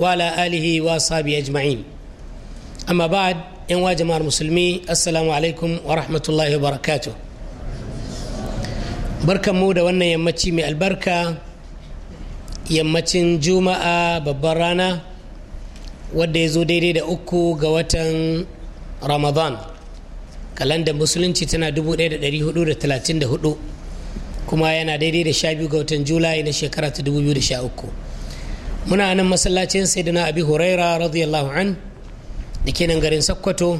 وعلى آله وأصحابه أجمعين أما بعد يا جماعة المسلمين السلام عليكم ورحمة الله وبركاته بركة مودة وانا يمتي من البركة yammacin juma'a babban rana wadda ya zo daidai da uku ga watan ramadan kalandar musulunci tana 1434 kuma yana daidai da sha ga watan julai na shekara ta 2013 muna nan masallacin saidina abi huraira radiyallahu an da ke nan garin sokoto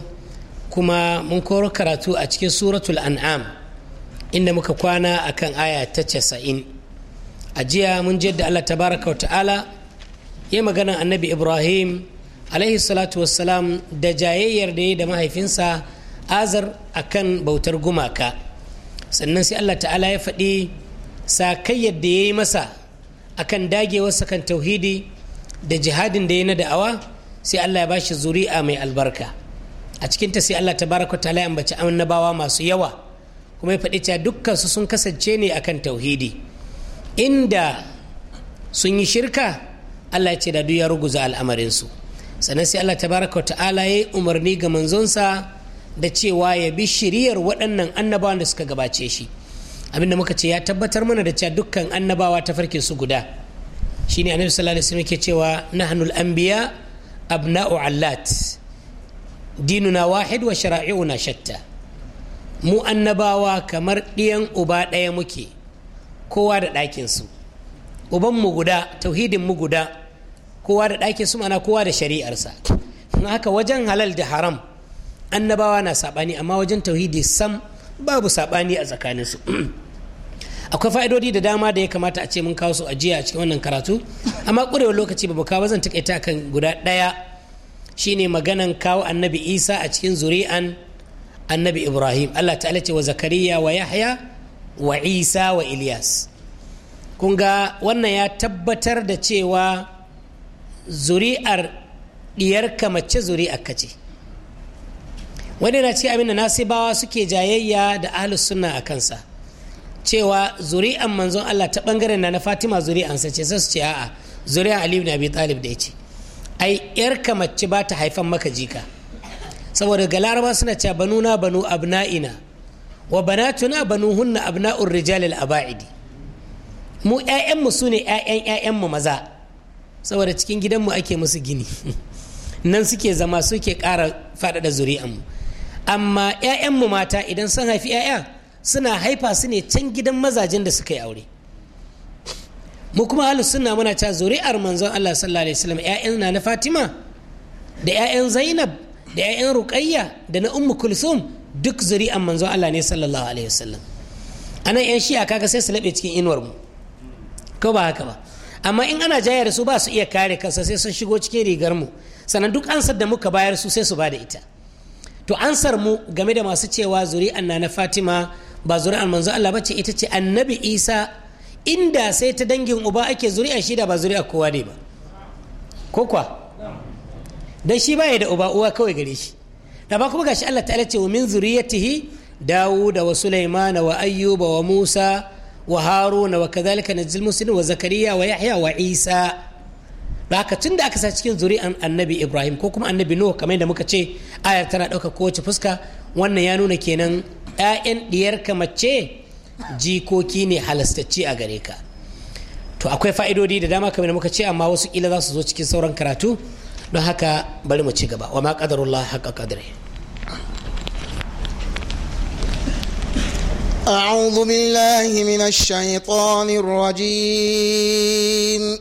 kuma mun koro karatu a cikin suratul an'am inda muka kwana akan aya ta casa'in a jiya mun je da allah tabaraka wa ta'ala ya magana annabi ibrahim alaihi salatu wassalam da jayayyar da ya da mahaifinsa azar a kan bautar gumaka sannan sai allah ta'ala ya faɗi sakayyar da ya yi masa akan dagewarsa kan tauhidi da jihadin da ya na da'awa sai Allah ya bashi zuri'a mai albarka a cikinta sai Allah ta baraka ta ya bace annabawa masu yawa kuma ya faɗi cewa dukkan su sun kasance ne akan tauhidi inda sun yi shirka Allah ya ce da duk ya ruguza al'amarinsu sannan sai Allah ta baraka ta'ala ya yi umarni ga manzonsa da cewa ya bi shiriyar waɗannan annabawan da suka gabace shi da muka ce ya tabbatar mana da cewa dukkan annabawa ta farkin su guda shine annabi sallallahu alaihi wasallam yake cewa nahnul anbiya abna'u allat dinuna wahid wa shara'i'una shatta mu annabawa kamar ɗiyan uba ɗaya muke kowa da ɗakin su uban mu guda tauhidin mu guda kowa da ɗakin su mana kowa da shari'arsa haka wajen halal da haram annabawa na saɓani amma wajen tauhidi sam babu saɓani a tsakaninsu akwai fa'idodi da dama da ya kamata a ce mun kawo su ajiya jiya a cikin wannan karatu amma kurewa lokaci ba kawo zan takaita kan guda ɗaya shine maganan kawo annabi isa a cikin zuri'an annabi ibrahim allah ta'ala ce wa zakariya wa yahya wa isa wa ilyas kun ga wannan ya tabbatar da cewa zuri'ar diyarka mace zuri'ar ka ce wani na ce abin da nasibawa suke jayayya da ahlus sunna a kansa cewa zuri'an manzon Allah ta bangaren na na Fatima zuri'an sace sai su ce a'a zuri'an Ali ibn Abi Talib da yace ai yarka mace ba ta haifan maka jika saboda ga laraba suna cewa banu na banu abna'ina wa banatuna banuhunna abna'ur rijal al aba'idi mu yayanmu sune yayan ƴaƴan mu maza saboda cikin gidan mu ake musu gini nan suke zama suke ƙara faɗaɗa mu amma yayanmu mata idan sun haifi ƴaƴa suna haifa su ne can gidan mazajen da suka yi aure mu kuma halus suna muna ta zuri'ar manzon Allah sallallahu alaihi wasallam ƴaƴan na na Fatima da ƴaƴan Zainab da ƴaƴan Ruqayya da na Ummu Kulsum duk zuri'an manzon Allah ne sallallahu alaihi wasallam anan ƴan shi'a kaga sai su labe cikin inuwar mu ko ba haka ba amma in ana jayar su ba su iya kare kansa sai sun shigo cikin rigar mu sannan duk ansar da muka bayar su sai su ba da ita to ansar mu game da masu cewa zuri'an na na Fatima ba zuri'ar manzo Allah bace ita ce annabi Isa inda sai ta dangin uba ake zuri'a shi da ba zuri'a kowa ne ba ko kwa dan shi baya da uba uwa kawai gare shi da ba kuma gashi Allah ta'ala ce wa min zuriyatihi داود وسليمان وأيوب وموسى وهارون وكذلك نجزي المسلمين وزكريا ويحيى وعيسى haka tun da aka sa cikin zuri'an annabi ibrahim ko kuma annabi nuhu kamar da muka ce ayar tana ɗauka kowace fuska wannan ya nuna kenan 'ya'yan ɗiyarka mace jikoki ne halastacci a gare ka to akwai fa'idodi da dama kamar muka ce amma wasu ƙila za su zo cikin sauran karatu don haka bari mu ci gaba wa ma ƙadarullah haƙa ƙadare أعوذ بالله من الشيطان الرجيم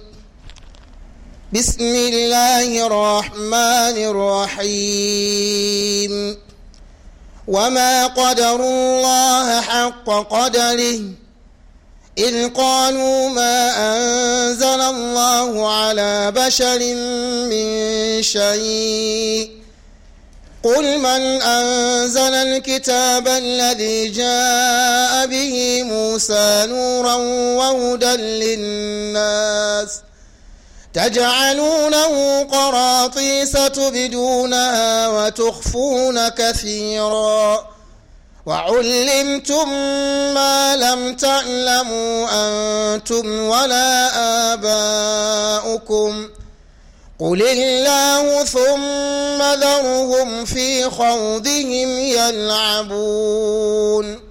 بسم الله الرحمن الرحيم وما قدروا الله حق قدره إذ قالوا ما أنزل الله على بشر من شيء قل من أنزل الكتاب الذي جاء به موسى نورا وهدى للناس ۖ تجعلونه قراطيس تبدونها وتخفون كثيرا وعلمتم ما لم تعلموا أنتم ولا آباؤكم قل الله ثم ذرهم في خوضهم يلعبون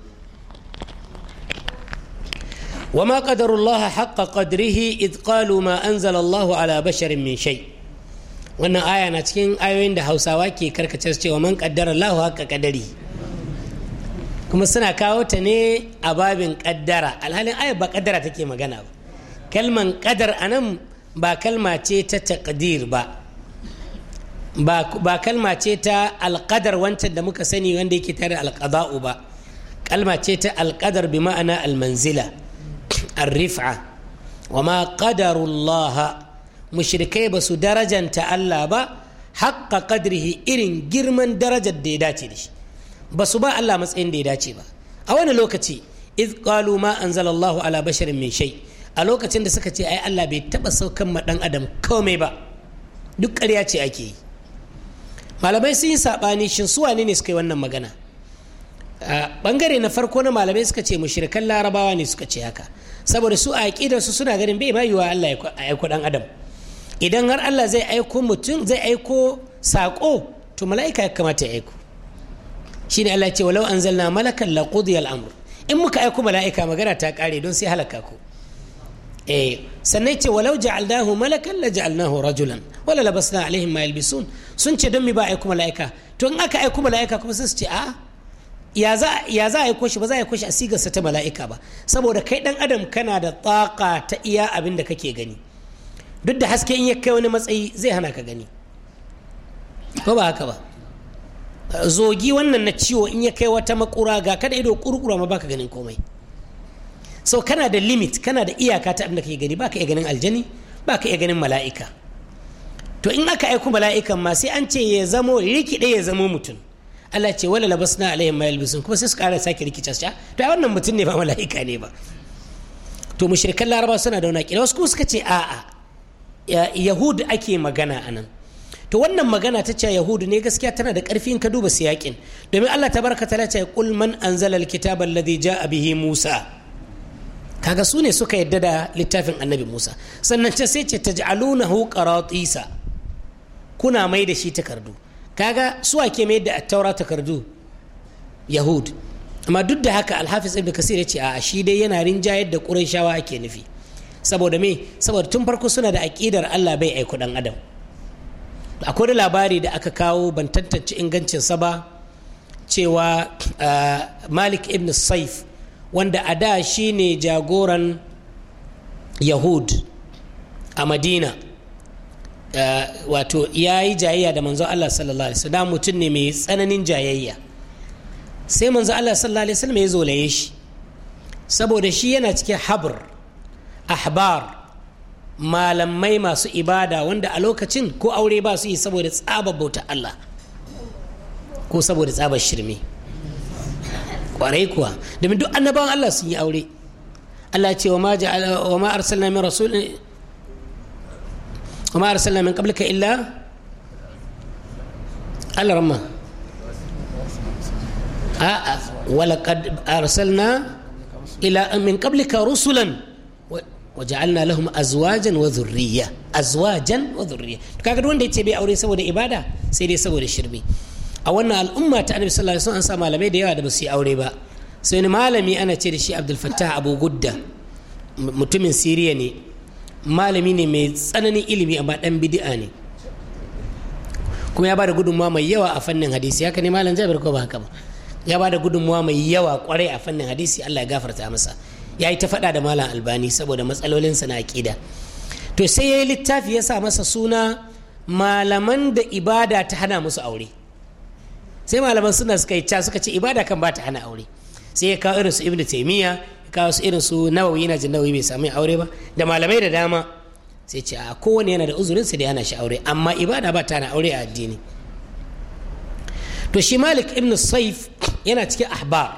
وما قدر الله حق قدره إذ قالوا ما أنزل الله على بشر من شيء wannan aya na cikin ayoyin da hausawa ke karkace cewa man kaddara Allahu haka kadari kuma suna kawo ta ne a babin kaddara alhalin aya ba kaddara take magana ba kalman kadar anan ba kalma ce ta taqdir ba ba kalma ce ta alƙadar wancan da muka sani wanda yake tare alƙada'u ba kalma ce ta alƙadar bi ma'ana almanzila arrifa wa ma qadarullaha mushirikai ba su darajanta Allah ba haƙƙa ƙadrihi irin girman darajar da ya dace da shi ba su ba Allah matsayin da ya dace ba a wani lokaci iz qalu ma anzalallahu ala basharin mai shai a lokacin da suka ce ai Allah bai taba saukan ma dan adam komai ba duk ƙarya ce ake yi malamai sun yi saɓani shin su wane ne suka yi wannan magana bangare na farko na malamai suka ce mushrikan larabawa ne suka ce haka saboda su a su suna ganin bai ma yiwa Allah ya aiko dan adam idan har Allah zai aiko mutum zai aiko saƙo to mala'ika ya kamata ya aiko shine Allah ce walau anzalna malakan la qudiya al-amr in muka aiko mala'ika magana ta kare don sai halaka ku eh sannan ce walau ja'alnahu malakan la ja'alnahu rajulan wala labasna alaihim ma yalbisun sun ce don mi ba aiko mala'ika to in aka aiko mala'ika kuma sai su ce a'a ya za a yi koshi ba za a yi koshi a sigarsa ta mala'ika ba saboda kai dan adam kana da tsaka ta iya abin da kake gani duk da haske in ya kai wani matsayi zai hana ka gani ko ba haka ba zogi wannan na ciwo in ya kai wata makura ga kada ido kurkura ma baka ganin komai so kana da limit kana da iyaka ta abin da kake gani baka iya ganin aljani baka iya ganin mala'ika to in aka aiko mala'ikan ma sai an ce ya zamo rikide ya zamo mutum Allah ce wala na alaihim ma yalbisun kuma sai su ƙara sake rikice su ah, to a wannan mutum ne ba mala'ika ne ba to mushrikan laraba suna da wani kira wasu kuma suka ce a'a yahud ake magana anan to wannan magana ta ce yahudu ne gaskiya tana da ƙarfin ka duba siyaƙin domin Allah tabaraka ta ce kul man anzala alkitaba alladhi ja'a bihi Musa kaga su ne suka yadda da littafin annabi Musa sannan ta sai ce taj'alunahu qaratisa kuna mai da shi takardu kaga su ke mai da taura takardu yahud amma duk da haka alhafiz ibn kasir ya ce a shi dai yana rinjayar da shawa ake nufi saboda me saboda tun farko suna da aƙidar Allah bai aiku ɗan adam akwai labari da aka kawo ban tantance sa ba cewa ah, malik ibn saif wanda a da shi ne jagoran yahud a madina Eh, wato ya yi jayayya da manzon Allah sallallahu alaihi wasallam mutum ne mai tsananin jayayya sai manzon Allah sallallahu alaihi wasallam ya zolaye shi saboda shi yana cikin habr ahbar malamai masu ibada wanda a lokacin ko aure ba su yi saboda tsabar bauta Allah ko saboda tsabar shirme kwarai kuwa domin duk annabawan Allah sun yi aure Allah ce wa ma arsalna min rasulin وما أرسلنا من قبلك إلا الرمى آه ولقد أرسلنا إلى من قبلك رسلا وجعلنا لهم أزواجا وذرية أزواجا وذرية aure saboda ibada sai dai saboda shirme a wannan al'umma ta annabi sallallahu alaihi wasallam an sa malamai da yawa da ba su yi aure ba sai ni malami ana ce da shi Abdul Fattah Abu Gudda mutumin Siriya ne malami ne mai tsananin ilimi amma dan bid'a ne kuma ya bada gudunmuwa mai yawa a fannin hadisi haka ne malam jabir ko ba haka ba ya bada gudunmuwa mai yawa kwarai a fannin hadisi Allah ya gafarta masa ya yi ta faɗa da malam albani saboda matsalolinsa na aqida to sai ya yi littafi ya sa masa suna malaman da ibada ta hana musu aure sai malaman suna suka yi ca suka ce ibada kan ba ta hana aure sai ya kawo irin su ibnu taimiyya kawo irin su nawawi yana jin nawawi bai samu aure ba da malamai da dama sai ce a kowane yana da uzurinsu da yana shi aure amma ibada ba ta na aure a addini to shi malik ibn saif yana cikin ahbar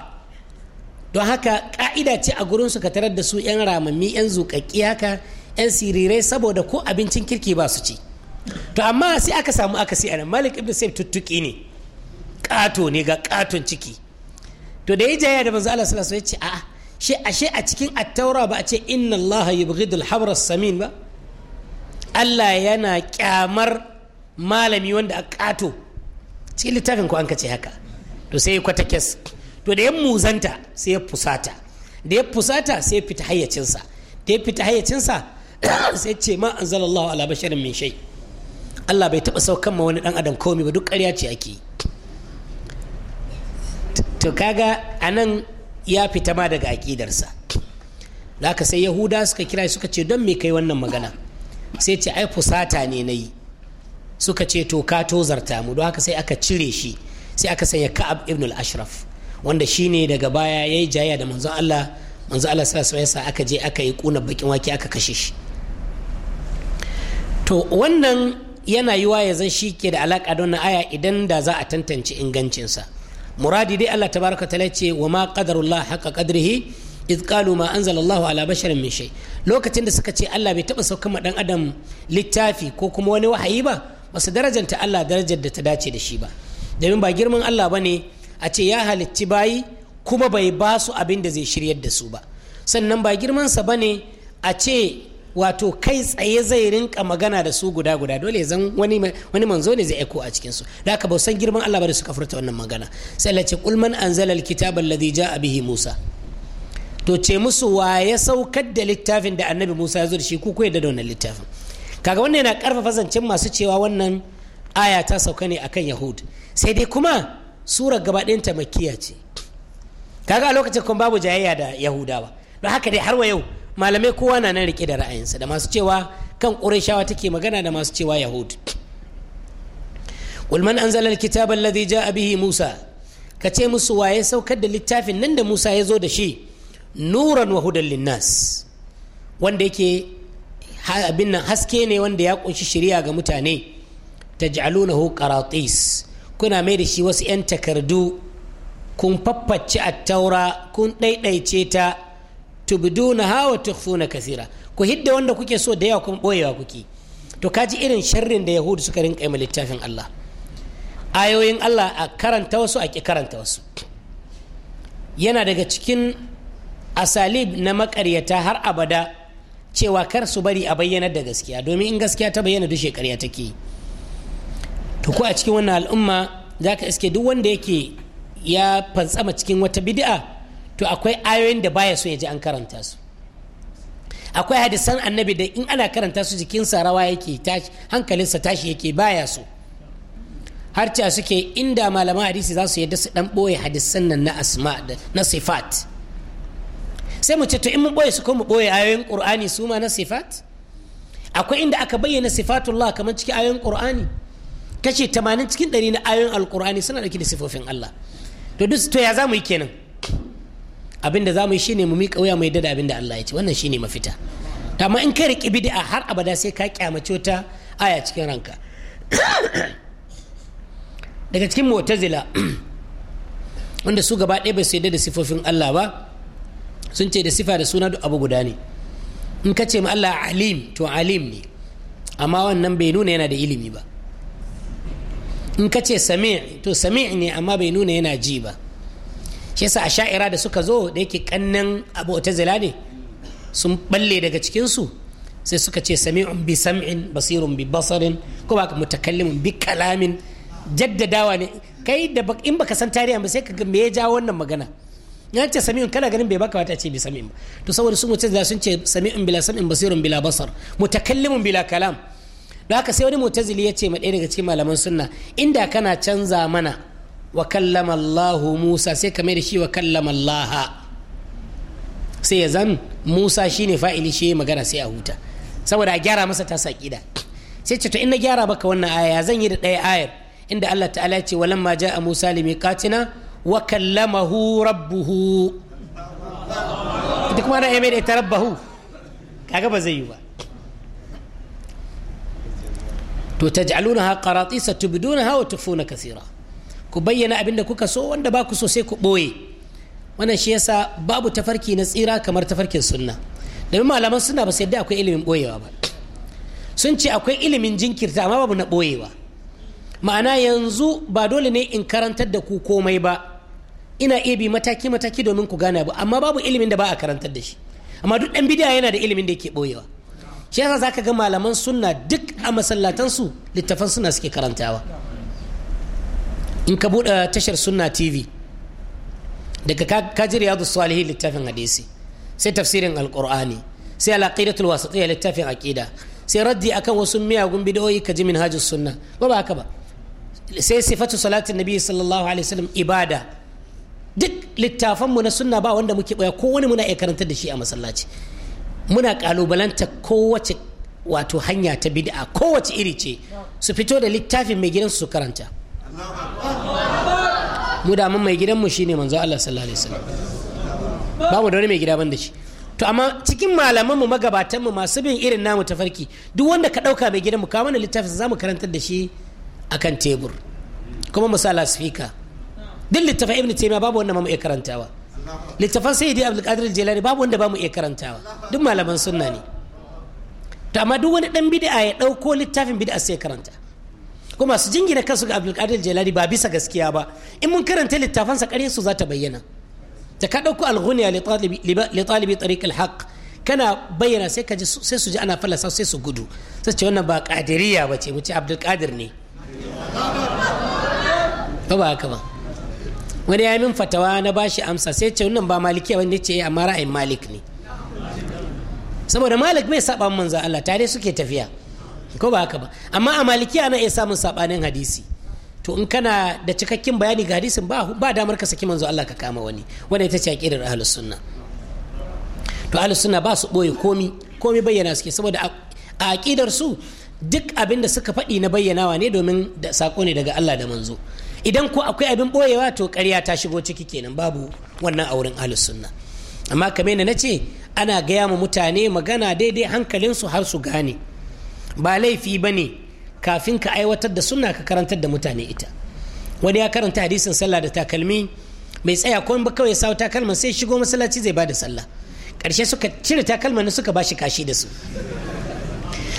don haka ka'ida ce a gurin su ka tarar da su yan ramami yan zukakki haka yan sirirai saboda ko abincin kirki ba su ci to amma sai aka samu aka sai anan malik ibn saif tuttuki ne kato ne ga ƙaton ciki to da ya jaya da manzo Allah sallallahu alaihi wasallam ya ce a'a shi ashe a cikin attaura ba a ce inna Allah yubghidul habra samin ba Allah yana kyamar malami wanda a kato cikin littafin ko an ka ce haka to sai ya kwata kes to da ya muzanta sai ya fusata da ya fusata sai ya fita hayyacinsa da ya fita hayyacinsa sai ce ma anzalallahu ala basharin min shai Allah bai taba saukan ma wani dan adam komai ba duk ƙarya ce ake to kaga anan ya fita ma daga aƙidarsa laka sai yahuda suka kira suka ce don me kai wannan magana sai ce ai fusata ne na yi suka ce to ka tozarta mu don haka sai aka cire shi sai aka sanya ka'ab ibn al-ashraf wanda shine daga baya yayi jaya da manzon Allah manzon Allah sallallahu alaihi wasallam aka je aka yi kuna bakin wake aka kashe shi to wannan yana yiwa ya zan shi ke da alaka da wannan aya idan da za a tantance ingancinsa muradi dai Allah tabaraka ta ce wa ma qadarullah haqa qadrihi idh qalu ma anzalallahu ala basharin min shay lokacin da suka ce Allah bai taba saukan dan adam littafi ko kuma wani wahayi ba ba su darajanta Allah darajar da ta dace da shi ba domin ba girman Allah bane a ce ya halicci bayi kuma bai ba su abin da zai shiryar da su ba sannan ba girmansa bane a ce wato kai tsaye zai rinka magana da su guda guda dole zan wani wani manzo ne zai aiko a cikin su da haka ba san girman Allah bari da suka furta wannan magana sai lace ce qul man anzala alkitaba alladhi jaa bihi Musa to ce musu wa ya saukar da littafin da annabi Musa ya zo da shi ku ku yadda da wannan littafin kaga wannan yana karfafa zancen masu cewa wannan aya ta sauka ne akan Yahud sai dai kuma sura gaba ta makiya ce kaga a lokacin kun babu jayayya da Yahudawa don haka dai har wa yau malamai kowa na nan rike da ra'ayinsa da masu cewa kan ƙurayshawa take magana da masu cewa yahud qul man kitabar alkitaba ja ja'a bihi musa ka ce musu waye saukar da littafin nan da musa ya zo da shi nuran wa linnas wanda yake abin nan haske ne wanda ya kunshi shari'a ga mutane Ta taj'alunahu qaratis kuna mai da shi wasu 'yan takardu kun fafface attaura kun ɗaiɗaice ta tubdunaha wa tukhfuna kasira ku hidda wanda kuke so da yawa kuma boyewa kuke to kaji irin sharrin da yahudu suka rinka yi littafin Allah ayoyin Allah a karanta wasu a ki karanta wasu yana daga cikin asalib na makaryata har abada cewa kar su bari a bayyanar da gaskiya domin in gaskiya ta bayyana dushe karya take to ko a cikin wannan al'umma za ka iske duk wanda yake ya fantsama cikin wata bid'a to akwai ayoyin da baya so ya ji an karanta su akwai hadisan annabi da in ana karanta su jikinsa rawa yake tashi hankalinsa tashi yake baya so har ta suke inda malaman hadisi za su yadda su dan boye hadisan nan na asma da na sifat sai mu ce to in mu boye su ko mu boye ayoyin qur'ani su ma na sifat akwai inda aka bayyana sifatullah kamar cikin ayoyin qur'ani kashi 80 cikin 100 na ayoyin alqur'ani suna dauke da sifofin Allah to duk to ya zamu yi kenan abin da za mu yi shine mu miƙa wuya mu yadda da abin da Allah ya ce wannan shine mafita amma in ka riƙi bid'a har abada sai ka kyamace ta aya cikin ranka daga cikin mu'tazila wanda su gaba ɗaya ba su yadda da sifofin Allah ba sun ce da sifa da suna duk abu guda ne in ka ce ma Allah alim to alim ne amma wannan bai nuna yana da ilimi ba in ka ce sami to sami ne amma bai nuna yana ji ba kesa a asha'ira da suka zo da yake kannan abu zila ne sun balle daga cikinsu sai suka ce sami'un bi sam'in basirun bi basarin ko ba mutakallimin bi kalamin jaddadawa ne kai da in baka san tarihi ba sai ka ga me ya ja wannan magana ya ce sami'un kana ganin bai baka wata ce bi sam'in ba to saboda su mutazila sun ce sami'un bila sam'in basirun bila basar mutakallimin bila kalam da haka sai wani mutazili ya ce ma ɗaya daga cikin malaman sunna inda kana canza mana wa kallama Musa sai ka mai da shi wa kallama sai ya zan Musa shine fa'ili shi magana sai a huta saboda a gyara masa ta saƙida sai ce to in gyara baka wannan aya zan yi da ɗaya ayar inda Allah ta'ala ce walamma ja'a Musa limiqatina wa kallamahu rabbuhu ita kuma na ya mai da ita rabbahu kaga ba zai yi ba to taj'alunaha qaratisa tubdunaha wa tufuna kathira ku bayyana abin da kuka so wanda ba ku so sai ku ɓoye wannan shi yasa babu tafarki na tsira kamar tafarkin sunna domin malaman suna ba su yadda akwai ilimin ɓoyewa ba sun ce akwai ilimin jinkirta amma babu na ɓoyewa ma'ana yanzu ba dole ne in karantar da ku komai ba ina iya bi mataki mataki domin ku gane abu amma babu ilimin da ba a karantar da shi amma duk ɗan bidiya yana da ilimin da yake ɓoyewa shi yasa zaka ga malaman sunna duk a masallatansu littafan suna suke karantawa in ka buɗe tashar sunna tv daga kaji su salihin littafin hadisi sai tafsirin alƙur'ani sai alaƙidatul wasatiyya littafin aƙida sai raddi akan wasu miyagun bidiyoyi ka ji minhajus sunna ba ba haka ba sai sifatu salatin nabi sallallahu alaihi wasallam ibada duk littafanmu na sunna ba wanda muke baya ko wani muna iya karanta da shi a masallaci muna kalubalanta kowace wato hanya ta bid'a kowace iri ce su fito da littafin mai gidansu su karanta mu da mun mai gidanmu shine manzo Allah sallallahu alaihi wasallam ba mu da wani mai gida ban da shi to amma cikin malaman mu magabatan mu masu bin irin namu tafarki duk wanda ka dauka mai gidanmu ka mana littafin zamu karantar da shi akan tebur kuma misala speaker duk littafin ibnu taymiya babu wanda ba mu iya karantawa littafin sayyidi abdul qadir jilani babu wanda ba mu iya karantawa duk malaman sunna ne to amma duk wani dan bid'a ya dauko littafin bid'a sai karanta ko masu jingina kansu ga abdulkadir jelani ba bisa gaskiya ba in mun karanta littafansa ƙarya su za ta bayyana da ka ɗauko alghuniya li talibi tariq alhaq kana bayyana sai ka sai su ji ana fallasa sai su gudu sai ce wannan ba qadiriya ba ce mu ce abdulkadir ne ba ba haka ba wani ya min fatawa na bashi amsa sai ce wannan ba malikiya wanda ce eh, amma ra'ayin malik ne saboda malik bai saba manzo Allah tare suke tafiya ko ba haka ba amma a maliki ana iya samun sabanin hadisi to in kana da cikakken bayani ga hadisin ba ba damar ka saki manzo Allah ka kama wani wanda ita ce aqidar ahlus sunna to ahlus sunna ba su boye komi komi bayyana suke saboda a aqidar su duk abin da suka faɗi na bayyanawa ne domin da sako ne daga Allah da manzo idan ko akwai abin boyewa to ƙarya ta shigo ciki kenan babu wannan auren wurin ahlus sunna amma kamar na ce ana gaya ma mutane magana daidai hankalinsu har su gane ba laifi ba ne kafin ka aiwatar da suna ka karantar da mutane ita wani ya karanta hadisin sallah da takalmi mai tsaya ko ba kawai sawo takalman sai shigo masallaci zai ba bada sallah karshe suka cire takalman suka bashi kashi da su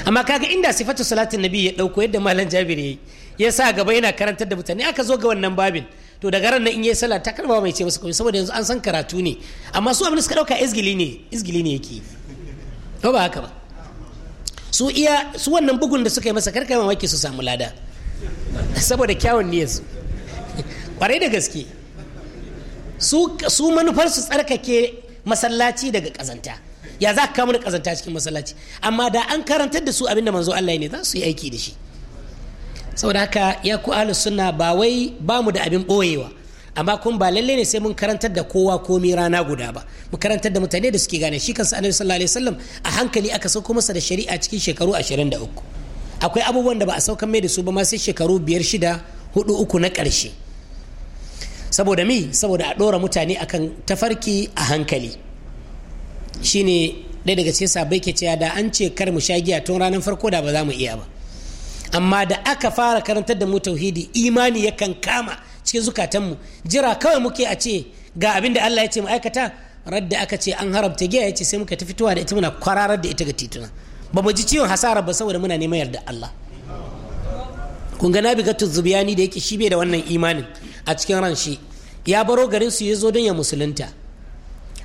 amma kaga inda sifatu salatin nabi ya dauko yadda malam jabir yayi ya sa gaba yana karantar da mutane aka zo ga wannan babin to daga ran nan in yayi sallah takalma mai ce musu komai saboda yanzu an san karatu ne amma su abin suka dauka izgili ne izgili ne yake ba haka ba su iya su wannan bugun da suka yi masa karkai mamaki su samu lada saboda kyawun niyyarsu kwarai da gaske su manufar su tsarkake masallaci daga kazanta ya za ka kama kazanta cikin masallaci amma da an karantar da su abin da manzo Allah ne za su yi aiki da shi saboda haka ya ku ahlus sunna ba wai ba mu da abin boyewa amma kun ba lalle ne sai mun karantar da kowa komi rana guda ba mu karantar da mutane da suke gane shi kansa annabi sallallahu alaihi wasallam a hankali aka sauko masa da shari'a cikin shekaru 23 akwai abubuwan da ba a saukan mai da su ba ma sai shekaru biyar shida hudu uku na karshe saboda mi saboda a ɗora mutane akan tafarki a hankali shine ɗaya daga cikin sabai ke cewa da an ce kar mu sha giya tun ranar farko da ba za mu iya ba amma da aka fara karantar da mu tauhidi imani yakan kama cikin zukatanmu jira kawai muke a ce ga abin da Allah ya ce mu aikata radda aka ce an haramta giya ya ce sai muka tafi fitowa da ita muna kwararar da ita ga tituna ba mu ji ciwon hasara ba saboda muna neman yarda Allah kun ga nabi gatu zubiyani da yake shi bai da wannan imanin a cikin ran shi ya baro garin su ya zo don ya musulunta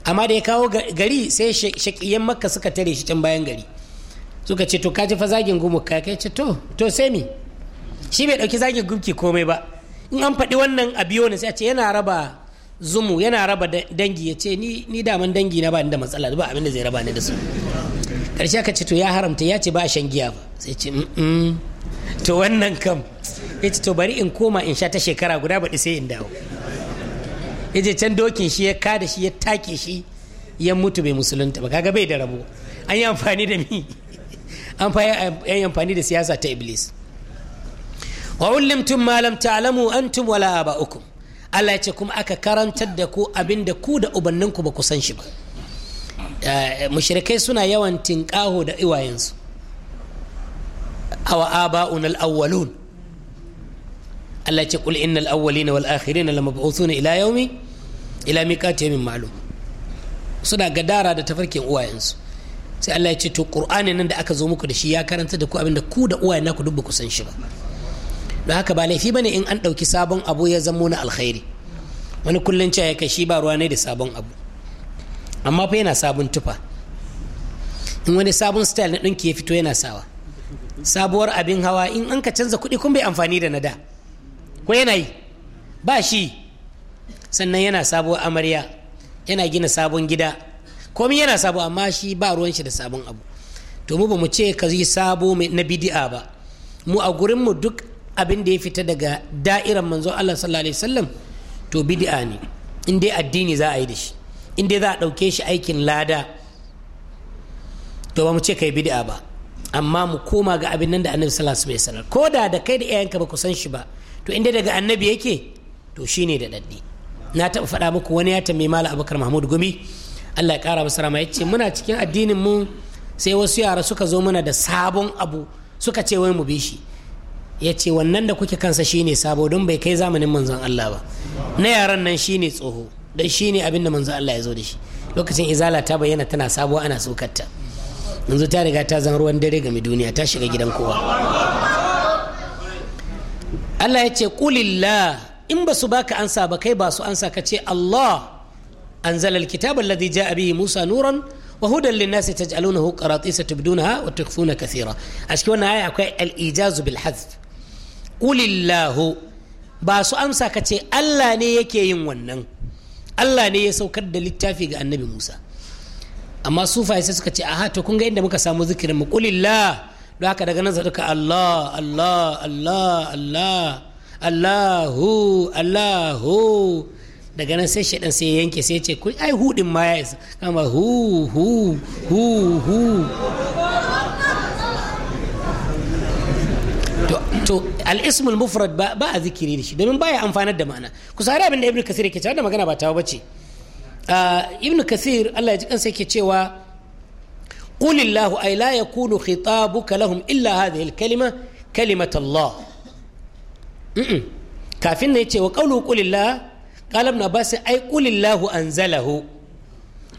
amma da ya kawo gari sai shakiyan makka suka tare shi can bayan gari suka ce to kaji fa zagin gumuka kai ce to to sai me shi bai dauki zagin gumki komai ba in an faɗi wannan a biyo ne sai a ce yana raba zumu yana raba dangi ya ce ni daman dangi na ba ni da matsala ba abinda zai raba ni da su karshe ka ce to ya haramta ya ce ba a shan giya ba sai ce to wannan kam ya ce to bari in koma in sha ta shekara guda baɗi sai in dawo ya je can dokin shi ya kada shi ya take shi ya mutu bai musulunta ba kaga bai da rabo an yi amfani da mi an yi amfani da siyasa ta iblis wa ullimtum ma lam ta'lamu antum wala aba'ukum Allah ya ce kuma aka karantar da ku abin da ku da ubanninku ba ku san shi ba eh, mushrikai suna yawan tinkaho da iwayensu awa aba'un al-awwalun Allah ya ce kul innal awwalina wal akhirina lamab'uthuna ila yawmi ila miqati yawmin ma'lum suna gadara da tafarkin uwayensu sai Allah ya ce to qur'ani nan da aka zo muku da shi ya karanta da ku abinda ku da uwayen naku duk ba ku san shi ba da haka ba laifi bane in an ɗauki sabon abu ya zamo na alkhairi wani kullum cewa ya shi ba ruwa ne da sabon abu amma fa yana sabon tufa in wani sabon style na ɗinki ya fito yana sawa sabuwar abin hawa in an ka canza kuɗi kun bai amfani da na da ko yana yi ba shi sannan yana sabuwar amarya yana gina sabon gida komi yana sabo amma shi ba ruwan shi da sabon abu to mu ba mu ce ka yi sabo na bidi'a ba mu a gurin mu duk abin da ya fita daga da'irar manzon Allah sallallahu alaihi wasallam to bid'a ne in dai addini za a yi da shi in dai za a ɗauke shi aikin lada to ba mu ce kai bid'a ba amma mu koma ga abin nan da annabi sallallahu alaihi wasallam ko da da kai da iyayenka ba ku san shi ba to inda daga annabi yake to shine da daddi na taɓa faɗa muku wani ya tambaye Malam abubakar mahmud gumi allah ya ƙara masa rama ya ce muna cikin addinin mu sai wasu yara suka zo mana da sabon abu suka ce wai mu bi shi ya ce wannan da kuke kansa shine sabo don bai kai zamanin manzon Allah ba na yaran nan shine tsoho don shine abin da manzon Allah ya zo da shi lokacin izala ta bayyana tana sabuwa ana sokarta yanzu ta riga ta zan ruwan dare game duniya ta shiga gidan kowa Allah ya ce kulillah in ba su baka ansa ba kai ba su ansa ka ce Allah anzala alkitaba alladhi ja'a bihi Musa nuran wa hudan linnasi taj'alunahu qaratisa tubdunaha wa tukhfuna kathira a cikin wannan akwai al-ijazu bil ƙulillahu ba su amsa ka ce Allah ne yake yin wannan Allah ne ya saukar da littafi ga annabi Musa amma sufaye sai suka ce aha to kun ga inda muka samu zikirin mu ƙulillah don haka daga nan ka Allah Allah Allah Allah Allahu Allahu daga nan sai shaɗan sai yanke sai ya ce ai hudin ma ya isa kama hu hu hu hu to al'ismu mufrad ba a zikiri da shi domin baya amfanar da ma'ana kusa sare abin da ibnu kasir yake cewa da magana ba ta ba ce ah, ibnu kasir Allah ya ji kansa yake cewa qulillahu ai la yakunu khitabuka lahum illa hadhihi al-kalima kalimat kafin ne yace wa qawlu qulillahu qalam na ba ai kulillahu qulillahu anzalahu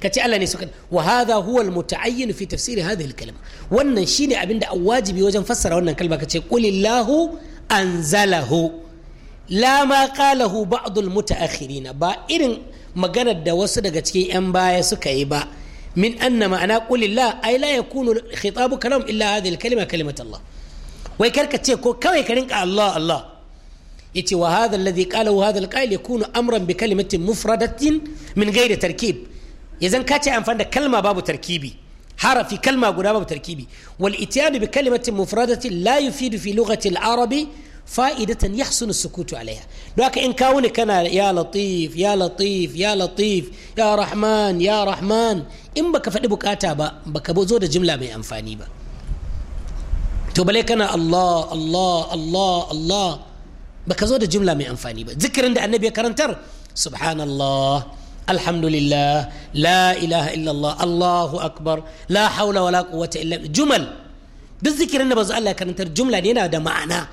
ka ce Allah ne suka wa hadha huwa almutaayyin fi tafsir hadhihi alkalima wannan shine abin da wajibi wajen fassara wannan kalma ka ce qulillahu anzalahu la ma qalahu ba'd almutaakhirin ba irin maganar da wasu daga cikin yan baya suka yi ba min anna ma'ana qulillah ay la yakunu khitabu kalam illa hadhihi alkalima kalimat Allah wai karka ce ko kawai ka rinka Allah Allah yace wa hadha alladhi qala hadha alqa'il yakunu amran bi kalimatin mufradatin min ghairi tarkib يزن كاتي أنفند كلمة بابو تركيبي حرف في كلمة قد بابو تركيبي والإتيان بكلمة مفردة لا يفيد في لغة العربي فائدة يحسن السكوت عليها لكن إن كوني كان يا لطيف يا لطيف يا لطيف يا رحمن يا رحمن إن بك فدبك آتا بك بزود جملة من أنفاني با كان الله الله الله الله بك زود جملة من أنفاني با ذكر عند النبي كرنتر سبحان الله alhamdulillah la ilaha illallah allahu akbar la haula wala quwwata illa jumal duk zikirin da bazu Allah karantar jumla ne yana da ma'ana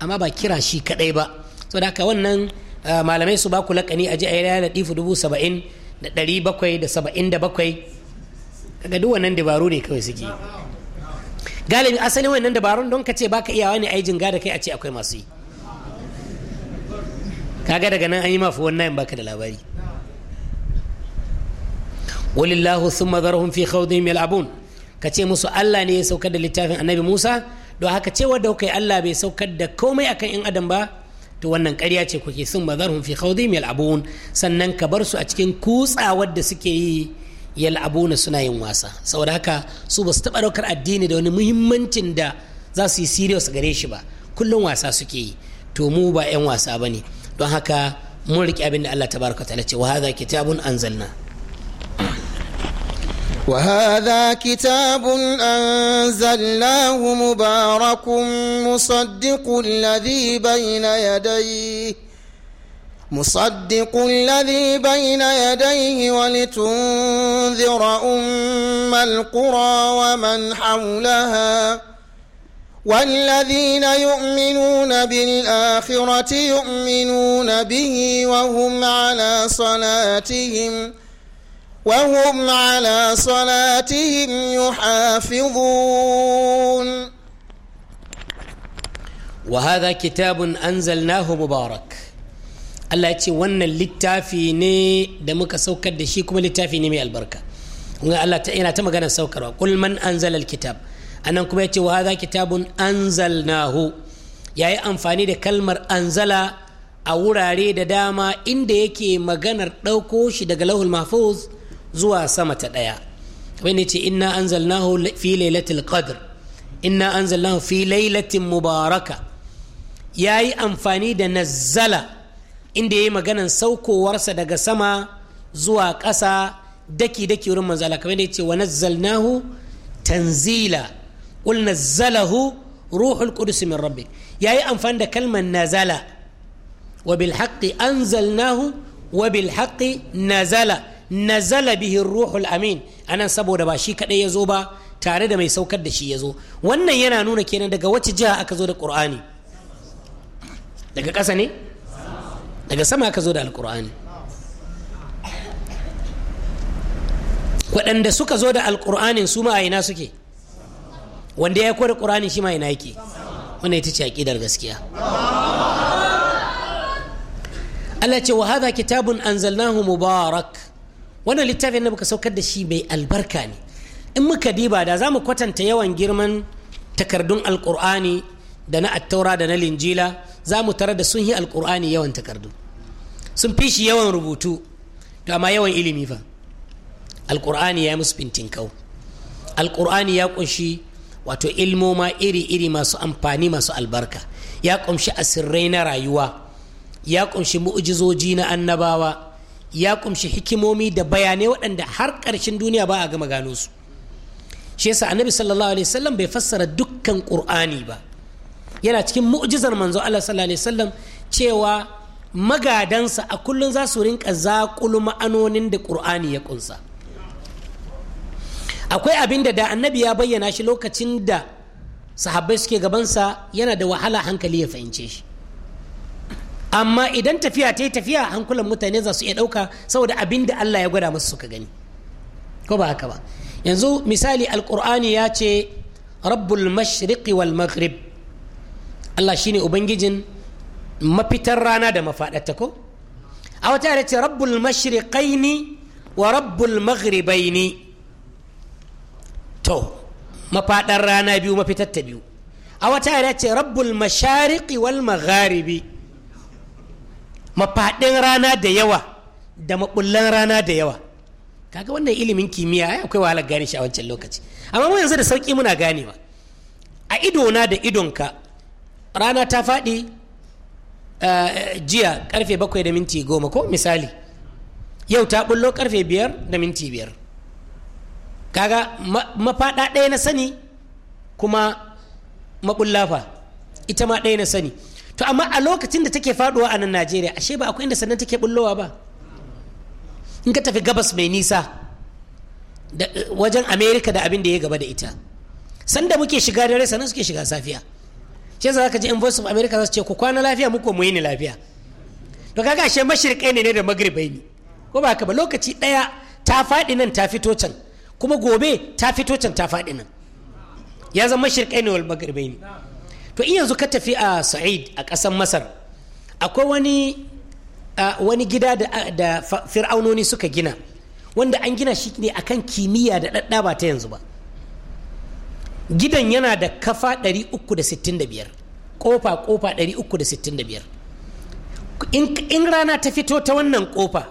amma ba kira shi kadai ba so da haka wannan ah, malamai su ba ku lakani a ji a yi da ɗifu dubu saba'in da ɗari bakwai da saba'in da bakwai kaga duk wannan dabaru ne kawai suke galibi asalin wannan dabarun don ka ce baka iya wani a yi jinga da kai a ce akwai masu yi kaga daga nan an yi mafi wannan ka da labari walillahu thumma dharhum fi mil abun ka ce musu Allah ne ya saukar da littafin annabi Musa don haka cewa da kai Allah bai saukar da komai akan yan adam ba to wannan karya ce kuke sun bazarhum fi mil abun sannan ka bar su a cikin kutsawar da suke yi na suna yin wasa saboda haka su ba su taɓa ɗaukar addini da wani muhimmancin da za su yi serious gare shi ba kullum wasa suke yi to mu ba 'yan wasa ba ne don haka mun riƙe abin da Allah baraka ta ce wa haza kitabun anzalna وهذا كتاب أنزلناه مبارك مصدق الذي بين يديه مصدق الذي بين يديه ولتنذر أم القرى ومن حولها والذين يؤمنون بالآخرة يؤمنون به وهم على صلاتهم ۖ وهم على صلاتهم يحافظون وهذا كتاب أنزلناه مبارك Allah ya ce wannan littafi ne da muka saukar da shi kuma littafi ne mai albarka kuma Allah ta yana ta maganar saukarwa kul man kitab alkitab anan kuma ya ce wa hadha kitabun anzalnahu yayi amfani da kalmar anzala a wurare da dama inda yake maganar ɗauko shi daga lahul mahfuz zuwa sama ta ɗaya kamar ne ce inna anzalnahu fi lailatul qadr inna anzalnahu fi lailatin mubaraka yayi amfani da nazzala inda ya yi maganan saukowarsa daga sama zuwa ƙasa daki daki wurin manzo kamar ce wa nazzalnahu tanzila ƙul nazzalahu ruhul kudus min rabbi yi amfani da kalmar nazala wa bil haqqi anzalnahu wa bil haqqi nazala nazala bihi ruhul amin anan saboda ba shi kadai ya zo ba tare da mai saukar da shi ya zo wannan yana nuna kenan daga wace jiha aka zo da qur'ani daga ƙasa ne daga sama aka zo da alqur'ani waɗanda suka zo da alqur'anin su ma a ina suke wanda ya kwada qur'ani shi ma ina yake wannan ita ce aqidar gaskiya Allah ce wa hadha kitabun anzalnahu mubarak wannan littafin da muka saukar da shi mai albarka ne in muka diba da za mu kwatanta yawan girman takardun alkur'ani da na attaura da na linjila za mu tare da sun yi alkur'ani yawan takardu sun fi shi yawan rubutu to amma yawan ilimi fa alkur'ani ya yi musu fintinkau alkur'ani ya kunshi wato ilmoma iri-iri masu amfani masu albarka ya kunshi asirrai na rayuwa ya kunshi mu'jizoji na annabawa ya kumshi hikimomi da bayanai waɗanda har ƙarshen duniya ba a gama gano su shi yasa annabi sallallahu alaihi wasallam bai fassara dukkan qur'ani ba yana cikin mu'jizar manzo Allah sallallahu alaihi wasallam cewa magadansa a kullun za su rinka zaƙulu ma'anonin da qur'ani ya kunsa akwai abin da annabi ya bayyana shi lokacin da sahabbai suke gabansa yana da wahala hankali ya fahimce shi amma idan tafiya ta yi tafiya hankulan mutane za su iya ɗauka saboda abin da Allah ya gwada musu suka gani ko ba haka ba yanzu misali Alƙur'ani ya ce rabbul mashriqi wal maghrib Allah shine ubangijin mafitar rana da mafaɗata ko a wata ya ce rabbul mashriqaini wa rabbul maghribaini to mafaɗar rana biyu mafitar ta biyu a wata ya ce rabbul mashariqi wal magharibi mafaɗin rana da yawa da maɓullan rana da yawa kaga wannan ilimin kimiyya ai akwai wahalar gane shi a wancan lokaci amma mu yanzu da sauki muna ganewa a idona da idonka rana ta faɗi eh, jiya karfe bakwai da minti goma ko misali yau ta bullo karfe biyar da minti biyar kaga mafaɗa ɗaya na sani kuma maɓullafa ita ma ɗaya na sani to amma a lokacin da take faduwa a nan najeriya ashe ba akwai inda sannan take bullowa ba in ka tafi gabas mai nisa wajen america da abin da ya gaba da ita sanda muke shiga dare sannan suke shiga safiya shi yasa zaka ji in voice of america za su ce ku kwana lafiya muku mu yi ni lafiya to kaga ashe mashirkai ne ne da magribai ne ko ba ka ba lokaci daya ta faɗi nan ta fito can kuma gobe ta fito can ta faɗi nan ya zama mashirkai ne wal magribai ne to in yanzu ka tafi a sa'id a ƙasar masar akwai wani wani gida da fir'aunoni suka gina wanda an gina shi ne akan kimiyya da ɗaɗɗa ba ta yanzu ba gidan yana da kafa 365 kofa kofa 365 in rana ta fito ta wannan kofa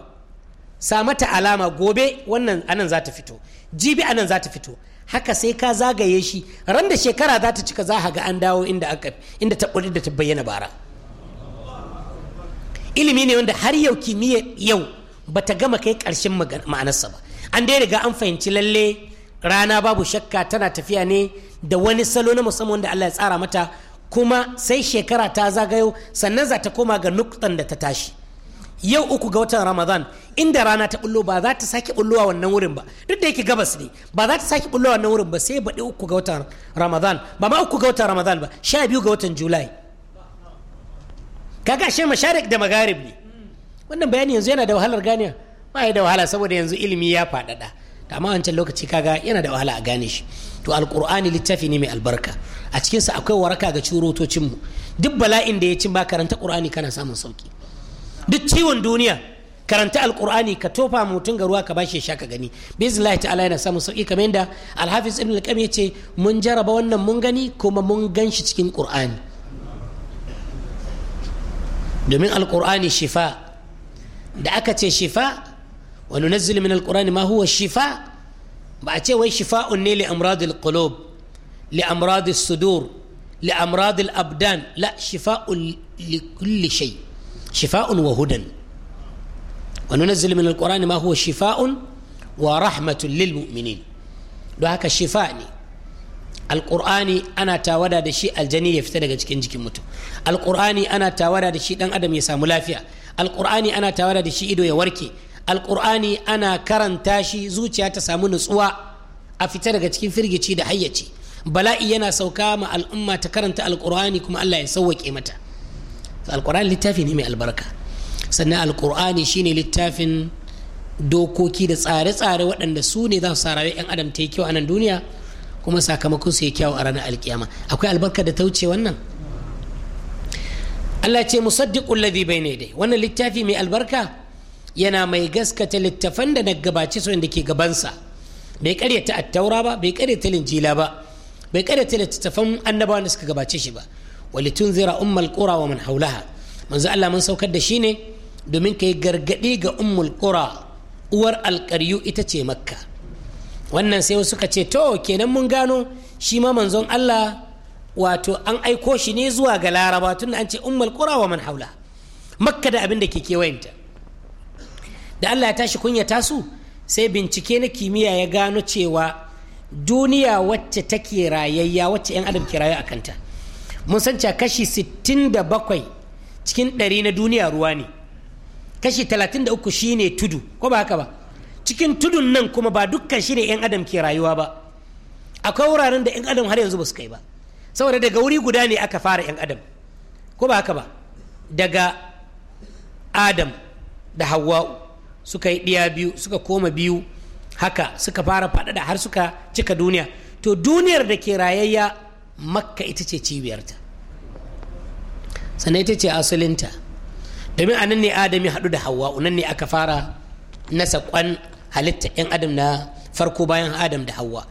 sa mata alama gobe wannan anan za ta fito jibi anan za ta fito haka sai ka zagaye shi ran da shekara za ta cika za a ga an dawo inda aka inda ta da ta bayyana bara ilimi ne wanda har yau kimiyya yau ba ta gama kai karshen ma'anarsa ba an dai riga an fahimci lalle rana babu shakka tana tafiya ne da wani salo na musamman da Allah ya tsara mata kuma sai shekara ta zagayo sannan za ta koma ga nuktan da ta tashi yau uku ga watan ramadan inda rana ta bullo ba za ta sake bullowa wannan wurin ba duk da yake gabas ne ba za ta sake bullowa wannan wurin ba sai baɗi uku ga watan ramadan ba ma uku ga watan ramadan ba sha biyu ga watan julai kaga ashe masharik da magharib ne wannan bayani yanzu yana da wahalar ganiya ba da wahala saboda yanzu ilimi ya faɗaɗa amma wancan lokaci kaga yana da wahala a gane shi to Alƙur'ani littafi ne mai albarka a cikinsa akwai waraka ga mu duk bala'in da ya cin ba karanta ƙur'ani kana samun sauki duk ciwon duniya karanta alkur'ani ka tofa mutum ga ruwa ka bashi sha ka gani bizillahi ta'ala yana samun sauki kamar yadda alhafiz ibn al ya ce mun jaraba wannan mun gani kuma mun gan shi cikin qur'ani domin alkur'ani shifa da aka ce shifa wa nunazzilu min alkur'ani ma huwa shifa ba a ce wai shifa'un ne li amradil qulub li amradis sudur li amradil abdan la shifa'un li kulli shay' shifa'un wa hudan wa nunazzilu min alqur'ani ma huwa shifa'un wa rahmatun lil mu'minin don haka shifa ne alqur'ani ana tawada da shi aljani ya fita daga cikin jikin mutum alqur'ani ana tawada da shi dan adam ya samu lafiya alqur'ani ana tawada da shi ido ya warke alqur'ani ana karanta shi zuciya ta samu nutsuwa a fita daga cikin firgici da hayyaci bala'i yana sauka ma al'umma ta karanta alqur'ani kuma Allah ya sauwake mata alkur'ani littafi ne mai albarka sannan alkur'ani shine littafin dokoki da tsare-tsare waɗanda su ne za su sa rayuwar 'yan adam ta yi kyau a nan duniya kuma sakamakon su yi kyau a ranar alkiyama akwai albarka da ta wuce wannan Allah ce musaddiqul ladhi bayna dai wannan littafi mai albarka yana mai gaskata littafan da na gabace su da ke gabansa bai karyata attaura ba bai karyata linjila ba bai karyata littattafan annabawan da suka gabace shi ba walitunzira ummul qura wa man haulaha manzo Allah mun saukar da shi ne domin yi gargadi ga ummul qura uwar alƙaryu ita ce makka wannan sai wasu ka ce to kenan mun gano shi ma manzon Allah wato an aiko shi ne zuwa ga laraba tun an ce ummul qura wa man haula makka da abin da ke kewayenta da Allah ya tashi kunyata su sai bincike na kimiyya ya gano cewa duniya wacce take rayayya wacce 'yan adam ke rayu a kanta mun san cewa kashi 67 cikin ɗari na duniya ruwa ne kashi 33 shine tudu ko ba haka ba cikin tudun nan kuma ba dukkan shi ne 'yan adam ke rayuwa ba akwai wuraren da 'yan adam har yanzu ba su kai ba saboda daga wuri guda ne aka fara 'yan adam ko ba haka ba daga adam da hawa'u suka yi ɗiya biyu suka koma biyu haka suka fara faɗaɗa har suka cika duniya to duniyar da ke rayayya makka ita ce cibiyarta sannan ita ce asalinta domin nan ne adam ya haɗu da hawa nan ne aka fara nasa kwan halitta 'yan adam na farko bayan adam da hawa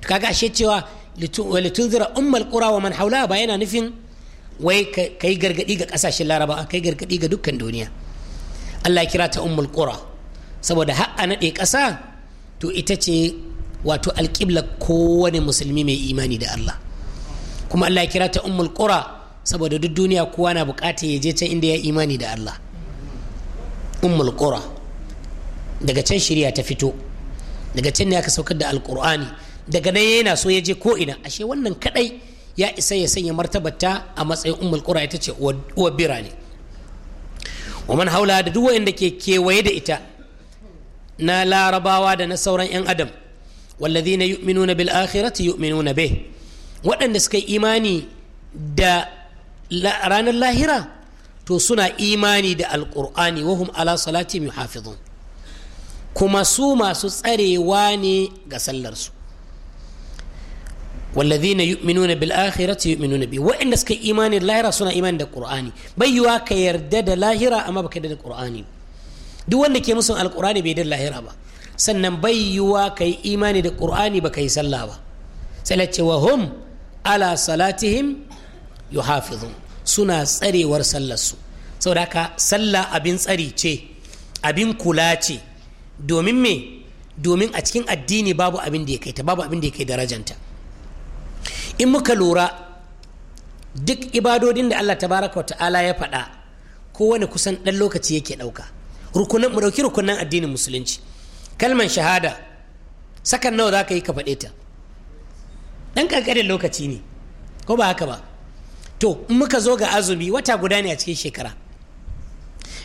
kaga ashe cewa litunzira ummal qura wa man haula ba yana nufin wai kai gargadi ga kasashen laraba kai gargadi ga dukkan duniya Allah kirata kira ta ummul qura saboda har a ƙasa ƙasa to ita ce wato alƙibla kowane musulmi mai imani da Allah kuma Allah ya kira ta ummul qura saboda duk duniya kowa na bukata ya je can inda ya imani da Allah ummul qura daga can shirya ta fito daga can ne aka saukar da alqur'ani daga nan yana so ya je ko ina ashe wannan kadai ya isa ya sanya martabata a matsayin ummul qura ita ce uwar birane wa man haula da duk wanda ke kewaye da ita na larabawa da na sauran 'yan adam والذين يؤمنون بالآخرة يؤمنون به waɗanda suka yi imani da ranar lahira to suna imani da alƙur'ani wahum ala salati yuhafizun kuma su masu tsarewa ne ga sallarsu wallazina yu'minuna bil akhirati yu'minuna bi wa'inda suka yi imani da lahira suna imani da qur'ani bai yiwa ka yarda da lahira amma baka yarda da qur'ani duk wanda ke musu alqur'ani bai da lahira ba sannan bai yiwa ka yi imani da ƙur'ani baka yi sallah ba sai ce ala salatihim yuhafizun suna tsarewar sallarsu saboda haka sallah abin tsari ce abin kula ce domin me domin a cikin addini babu abin da ya kai ta babu abin da ya kai darajanta in muka lura duk ibadodin da Allah tabaraka ta'ala ya faɗa kowane kusan ɗan lokaci yake ɗauka rukunan mu ɗauki rukunan addinin musulunci kalman shahada sakan nawa za ka yi ka faɗe ta Dan kankanin lokaci ne ko ba haka ba to in muka zo ga azumi wata guda ne a cikin shekara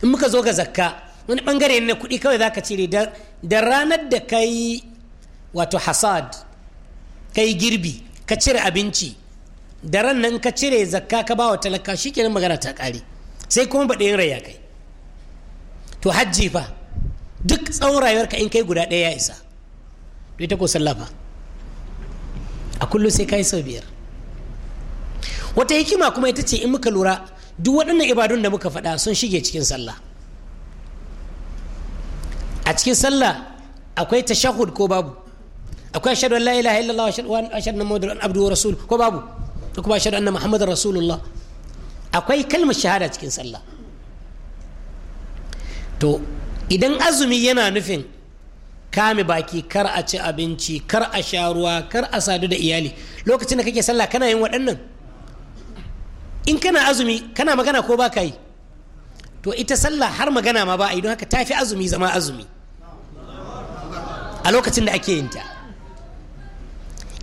in muka zo ga zakka wani bangare ne kuɗi kawai za ka cire da ranar da ka yi wato hasad ka yi girbi ka cire abinci da ran nan ka cire zakka ka ba wa talaka shi kenan magana ta ƙare sai kuma baɗe yin raya kai to hajji fa duk tsawon rayuwarka in kai guda ɗaya ya isa to ita ko sallah a kullum sai ka yi sau biyar wata hikima kuma ita ce in muka lura duk waɗannan ibadun da muka faɗa sun shige cikin sallah a cikin sallah akwai tashahud ko babu akwai ashhadu an la ilaha illallah a ashhadu anna muhammadar abdu wa rasul ko babu ko kuma ashhadu anna muhammadu rasulullah akwai kalmar shahada cikin sallah to idan azumi yana nufin kame baki kar a ci abinci kar a sha ruwa kar a sadu da iyali lokacin da kake sallah kana yin waɗannan in kana azumi kana magana ko ba ka yi to ita sallah har magana ma ba a yi don haka tafi azumi zama azumi a lokacin da ake yin ta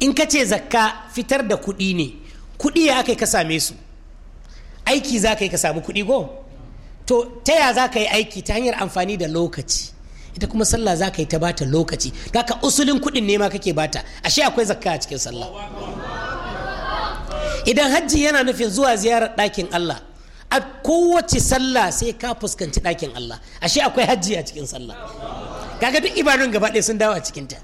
in ka ce zakka fitar da kuɗi ne kuɗi ya aka yi ka same su aiki za ka yi ka samu kuɗi go to ta ya za ka yi aiki ta hanyar amfani da lokaci ita kuma sallah za ka yi ta bata lokaci ka usulin kuɗin nema ma kake bata ashe akwai zakka a cikin sallah idan hajji yana nufin zuwa ziyarar ɗakin Allah a kowace sallah sai ka fuskanci ɗakin Allah ashe akwai hajji a cikin sallah kaga duk ibadun gaba ɗaya sun dawo a cikinta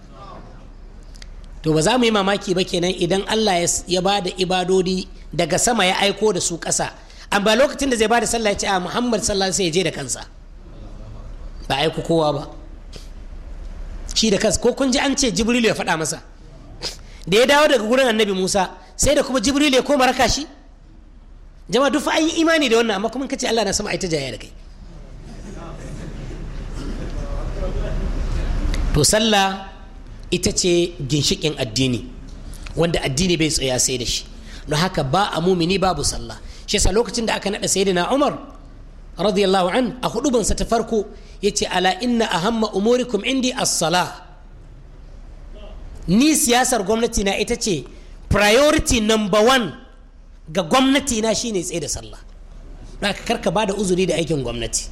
to ba za mu yi mamaki ba kenan idan Allah ya ba da ibadodi daga sama ya aiko da su ƙasa an ba lokacin da zai ba da sallah ya ce a Muhammad sallah sai ya je da kansa ba aiko kowa ba shi da kansa ko kun ji an ce jibrilu ya faɗa masa da ya dawo daga gurin annabi musa sai da kuma jibrilu ya koma raka shi jama'a duk an yi imani da wannan amma kuma kace allah na sama ai ta jaya da kai to sallah ita ce ginshikin addini wanda addini bai tsaya sai da shi don haka ba a mumini babu sallah shi yasa lokacin da aka naɗa sayyidina umar radiyallahu an a bansa ta farko Ya ce ala inna ahamma umurikum indi as-sala ni siyasar gwamnati na ita ce priority number one ga gwamnati na shine tsaye da sallah karka bada uzuri da aikin gwamnati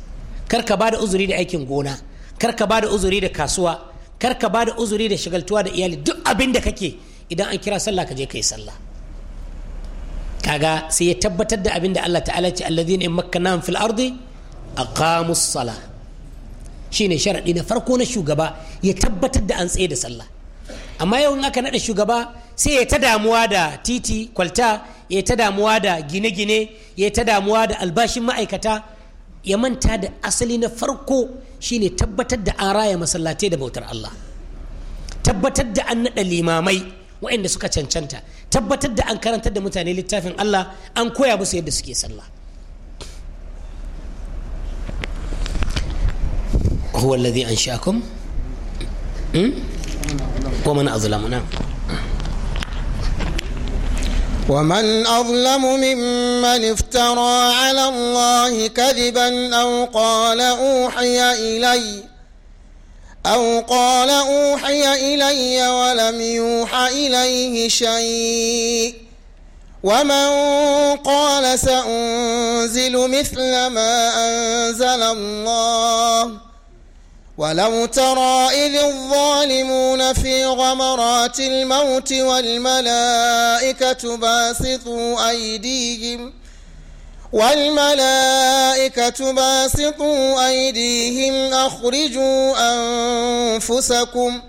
karka bada uzuri da aikin gona karka bada uzuri da kasuwa karka bada uzuri da shagaltuwa da iyali duk abin da kake idan an kira sallah ka je ka yi sallah kaga sai ya tabbatar da abin da Allah ta'ala ce alladhina in makkannahum fil ardi aqamus salah shine sharaɗi na farko na shugaba ya tabbatar da an tsaye da sallah amma yau in aka naɗa shugaba sai ya ta damuwa da titi kwalta ya ta damuwa da gine-gine ya ta damuwa da albashin ma'aikata ya manta da asali na farko shine tabbatar da an raya masallatai da bautar Allah tabbatar da an naɗa limamai waɗanda suka cancanta tabbatar da an karantar da mutane littafin Allah an koya musu yadda suke sallah هو الذي أنشأكم ومن أظلم نعم ومن أظلم ممن افترى على الله كذبا أو قال أوحي إلي أو قال أوحي إلي ولم يوحى إليه شيء ومن قال سأنزل مثل ما أنزل الله ولو ترى إذ الظالمون في غمرات الموت والملائكة باسطوا أيديهم والملائكة باسطوا أيديهم أخرجوا أنفسكم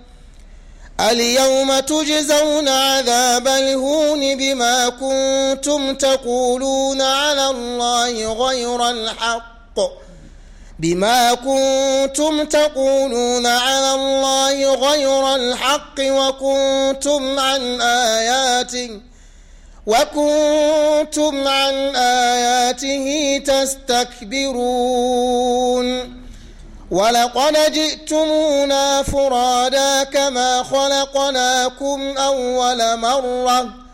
اليوم تجزون عذاب الهون بما كنتم تقولون على الله غير الحق بما كنتم تقولون على الله غير الحق وكنتم عن آياته وكنتم عن آياته تستكبرون ولقد جئتمونا فرادا كما خلقناكم أول مرة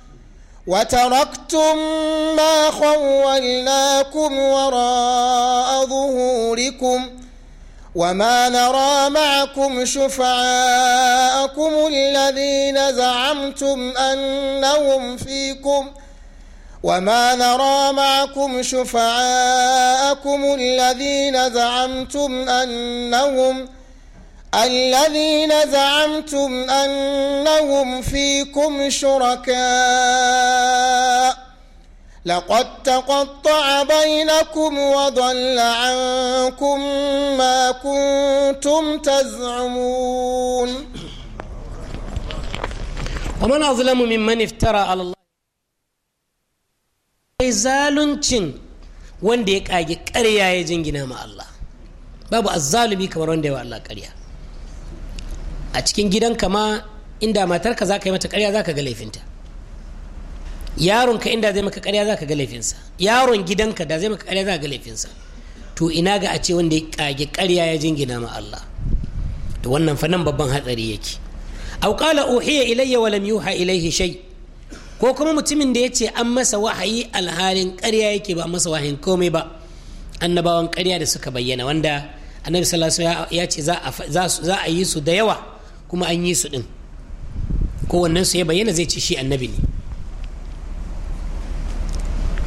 وتركتم ما خولناكم وراء ظهوركم وما نرى معكم شفعاءكم الذين زعمتم أنهم فيكم وما نرى معكم شفعاءكم الذين زعمتم أنهم فيكم الذين زعمتم أنهم فيكم شركاء لقد تقطع بينكم وضل عنكم ما كنتم تزعمون ومن أظلم ممن افترى على الله zaluncin wanda وانديك اجي كريا يجنجنا مع الله Allah الظالمي azzalumi kamar الله كريا a cikin ka ma inda matarka za ka yi mata karya za ka ga laifinta yaron ka inda zai maka karya za ka ga laifinsa yaron gidanka da zai maka karya za ka ga laifinsa to ina ga a ce wanda ya kage karya ya jingina ma Allah to wannan fa nan babban hatsari yake aw qala uhiya ilayya wa lam yuha ilayhi shay ko kuma mutumin da yace an masa wahayi alhalin karya yake ba masa wahayin komai ba annabawan karya da suka bayyana wanda annabi sallallahu alaihi wasallam ya ce za a yi su da yawa kuma an yi su ɗin kowannen su ya bayyana zai ce shi annabi ne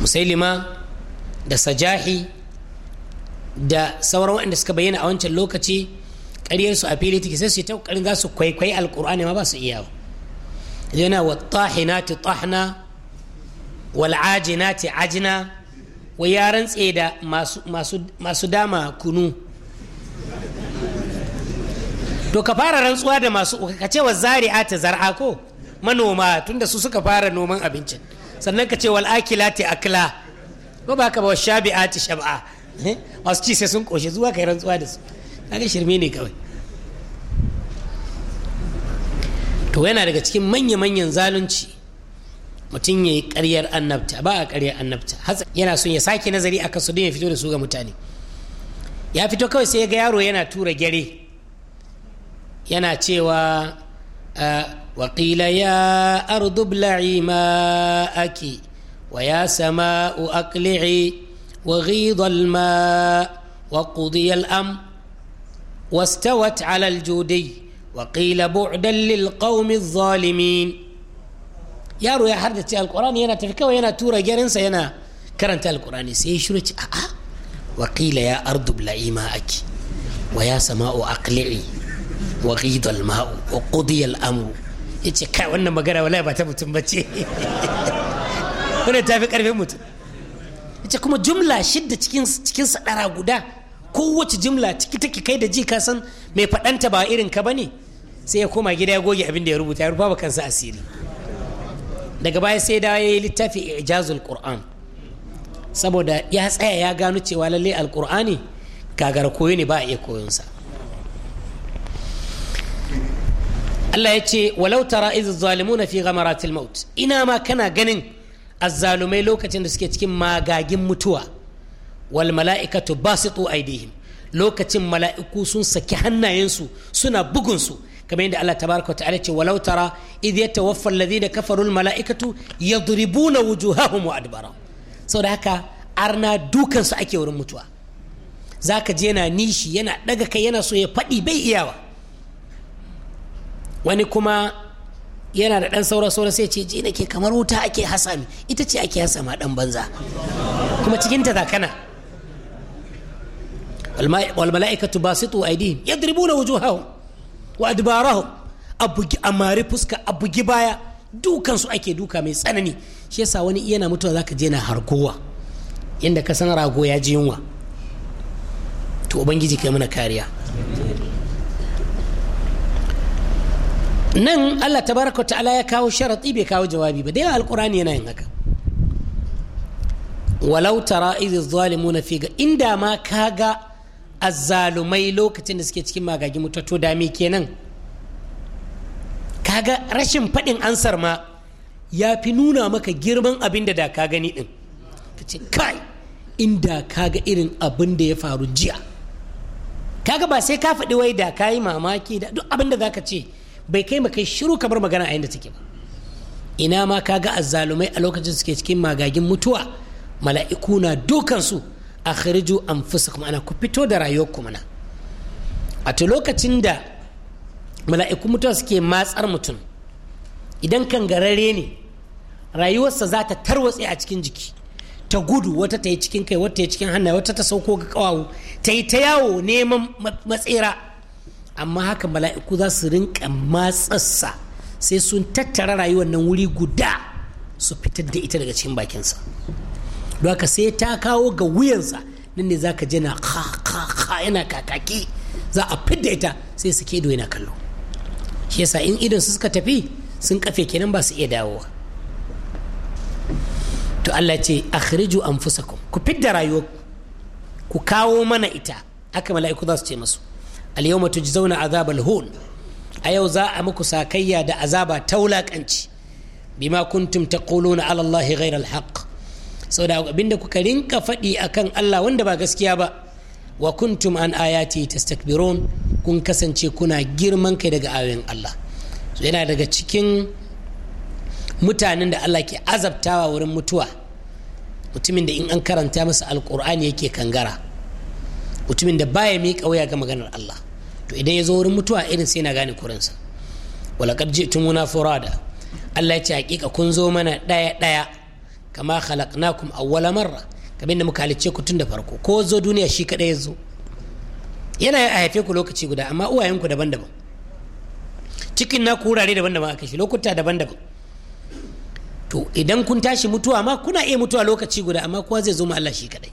musailima da sajahi da sauran waɗanda suka bayyana a wancan lokaci ƙaryarsu a fili take sai su ta ƙoƙarin za su kwaikwayi alƙur'ani ma ba su iya yana wa tahinati tahna wal ajinati ajina wa yaran tsaye da masu dama kunu to ka fara rantsuwa da masu ka ce wa zari'a ta zar'a ko manoma tunda su suka fara noman abincin sannan ka ce wal ta akila ko ba ka ba ta shab'a eh? masu ci sai sun koshe zuwa ka yi rantsuwa da su kaga shirme ne kawai to yana daga cikin manya-manyan zalunci mutum ya yi karyar annabta ba a karyar annabta yana son ya sake nazari a kasu don ya fito da su ga mutane ya fito kawai sai ya ga yaro yana tura gyare yana cewa waƙila ya ardu bla'i ma ake wa ya sama u aqli'i wa ghidha ma wa am wa al-am واستوت wa الجودي وقيل بعدا للقوم الظالمين yaro ya haddace alkurani yana tafi kawai yana tura gyarinsa yana karanta alkurani sai ya shiro ce a'a wakila ya ardu bla'i ma ake wa ya sama u aqli'i wa ghidal ma'u wa qudiya al-amru yace kai wannan magana wallahi ba ta mutum bace wannan tafi karfin mutum yace kuma jumla shidda cikin cikin guda kowace jumla ciki take kai da ji ka san mai faɗanta ba irin ka bane sai ya koma gida ya goge abin da ya rubuta ya rufa kansa asiri daga baya sai da ya yi littafi ijazul qur'an saboda ya tsaya ya gano cewa lalle alqur'ani gagara koyo ne ba a iya koyonsa Allah ya ce walau tara iz zalimuna fi ghamaratil maut ina ma kana ganin azzalumai lokacin da suke cikin magagin mutuwa wal mala'ikatu basitu aidihim lokacin mala'iku sun saki hannayensu suna bugunsu kamar yadda Allah tabaraka wa ta'ala ce walau tara idh yatawaffa alladhina kafaru al mala'ikatu yadribuna wujuhahum wa adbara saboda haka arna dukansu ake wurin mutuwa zaka je yana nishi yana daga kai yana so ya faɗi bai iyawa wani kuma yana da ɗan saura saura sai ce ji ke kamar wuta ake hasa ita ce ake hasa ɗan banza kuma cikin ta zakana wal ya dirbu na wujo hau wa adbarahum a amari fuska a bugi baya dukan su ake duka mai tsanani shi yasa wani iya na mutuwa zaka je na hargowa inda ka san rago ya ji yunwa to ubangiji kai mana kariya nan Allah ta tabaraka ta'ala ya kawo sharaɗi bai kawo jawabi ba dai alkurani yana yin haka walau tara idh zalimuna fi ga inda ma kaga azzalumai lokacin da suke cikin magagi mutato dami kenan kaga rashin faɗin ansar ma ya fi nuna maka girman abin da da ka gani din ka ce kai inda kaga irin abin da ya faru jiya kaga ba sai ka faɗi wai da ka yi mamaki da duk abin da za ka ce bai kai ma kai shiru kamar magana a yadda take ba ina ma ka ga azzalumai a lokacin suke cikin magagin mutuwa mala'iku na dukansu a an anfusakum ana ku fito da rayuwar mana a to lokacin da mala'iku mutuwa suke matsar mutum idan kan kangarare ne rayuwarsa za ta tarwatse a cikin jiki ta gudu wata ta yi cikin kai wata ta yi cikin hannaye wata ta sauko ga kawawu ta yi ta yawo neman matsera amma haka mala'iku za su rinka matsarsa sai sun tattara rayuwar nan wuri guda su fitar da ita daga cikin bakinsa doka haka sai ta kawo ga wuyansa nan ne za ka jana ka yana kakaki za a fidda ita sai su ke ido yana kallo shi yasa in idon su suka tafi sun kafe kenan ba su iya dawowa to Allah ce an anfusakum ku fidda rayuwa ku kawo mana ita aka mala'iku za su ce masu al tujzauna azabal hun a yau za a muku sakayya da azaba ta wulakanci bima kuntum taquluna ala allahi ghayra al-haq saboda abinda kuka rinka fadi akan Allah wanda ba gaskiya ba wa kuntum an ayati tastakbirun kun kasance kuna girman kai daga ayoyin Allah yana daga cikin mutanen da Allah ke azabtawa wurin mutuwa mutumin da in an karanta masa alkur'ani yake kangara mutumin da baya miƙa wuya ga maganar Allah to idan ya zo wurin mutuwa irin sai na gane kuransa walaqad ji'tumuna furada Allah ya ce hakika kun zo mana daya daya kama khalaqnakum awwala marra kamar da muka halicce ku tun da farko ko zo duniya shi kadai ya zo yana a haife ku lokaci guda amma uwayenku daban-daban cikin na ku wurare daban-daban aka shi lokuta daban-daban to idan kun tashi mutuwa ma kuna iya mutuwa lokaci guda amma kowa zai zo ma Allah shi kadai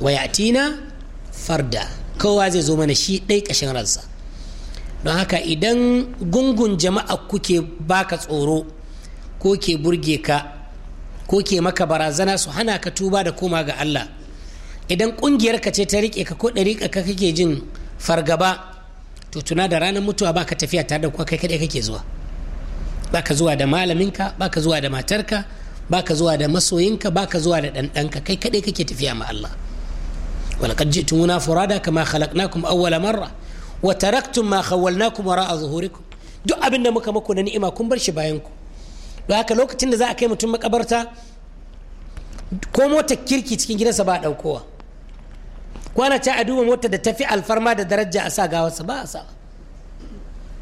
wayatina farda kowa zai zo mana shi ɗai ƙashin ransa don haka idan gungun jama'a kuke baka tsoro ko ke burge ka ko ke maka barazana su hana ka tuba da koma ga Allah idan ƙungiyarka ce ta riƙe ka ko ɗari ka kake jin fargaba to tuna da ranar mutuwa baka tafiya tare da kai kaɗai kake zuwa baka zuwa da malaminka baka zuwa da matarka baka zuwa da masoyinka baka zuwa da ɗanɗanka kai kaɗai kake tafiya ma Allah ولقد جئتمونا فرادا كما خلقناكم أول مرة وتركتم ما خولناكم وراء ظهوركم duk abin da muka muku na ni'ima kun bar shi bayan ku don haka lokacin da za a kai mutum makabarta ko mota kirki cikin gidansa ba a ɗaukowa kwana ta a duba mota da tafi alfarma da daraja a sa gawarsa ba a sa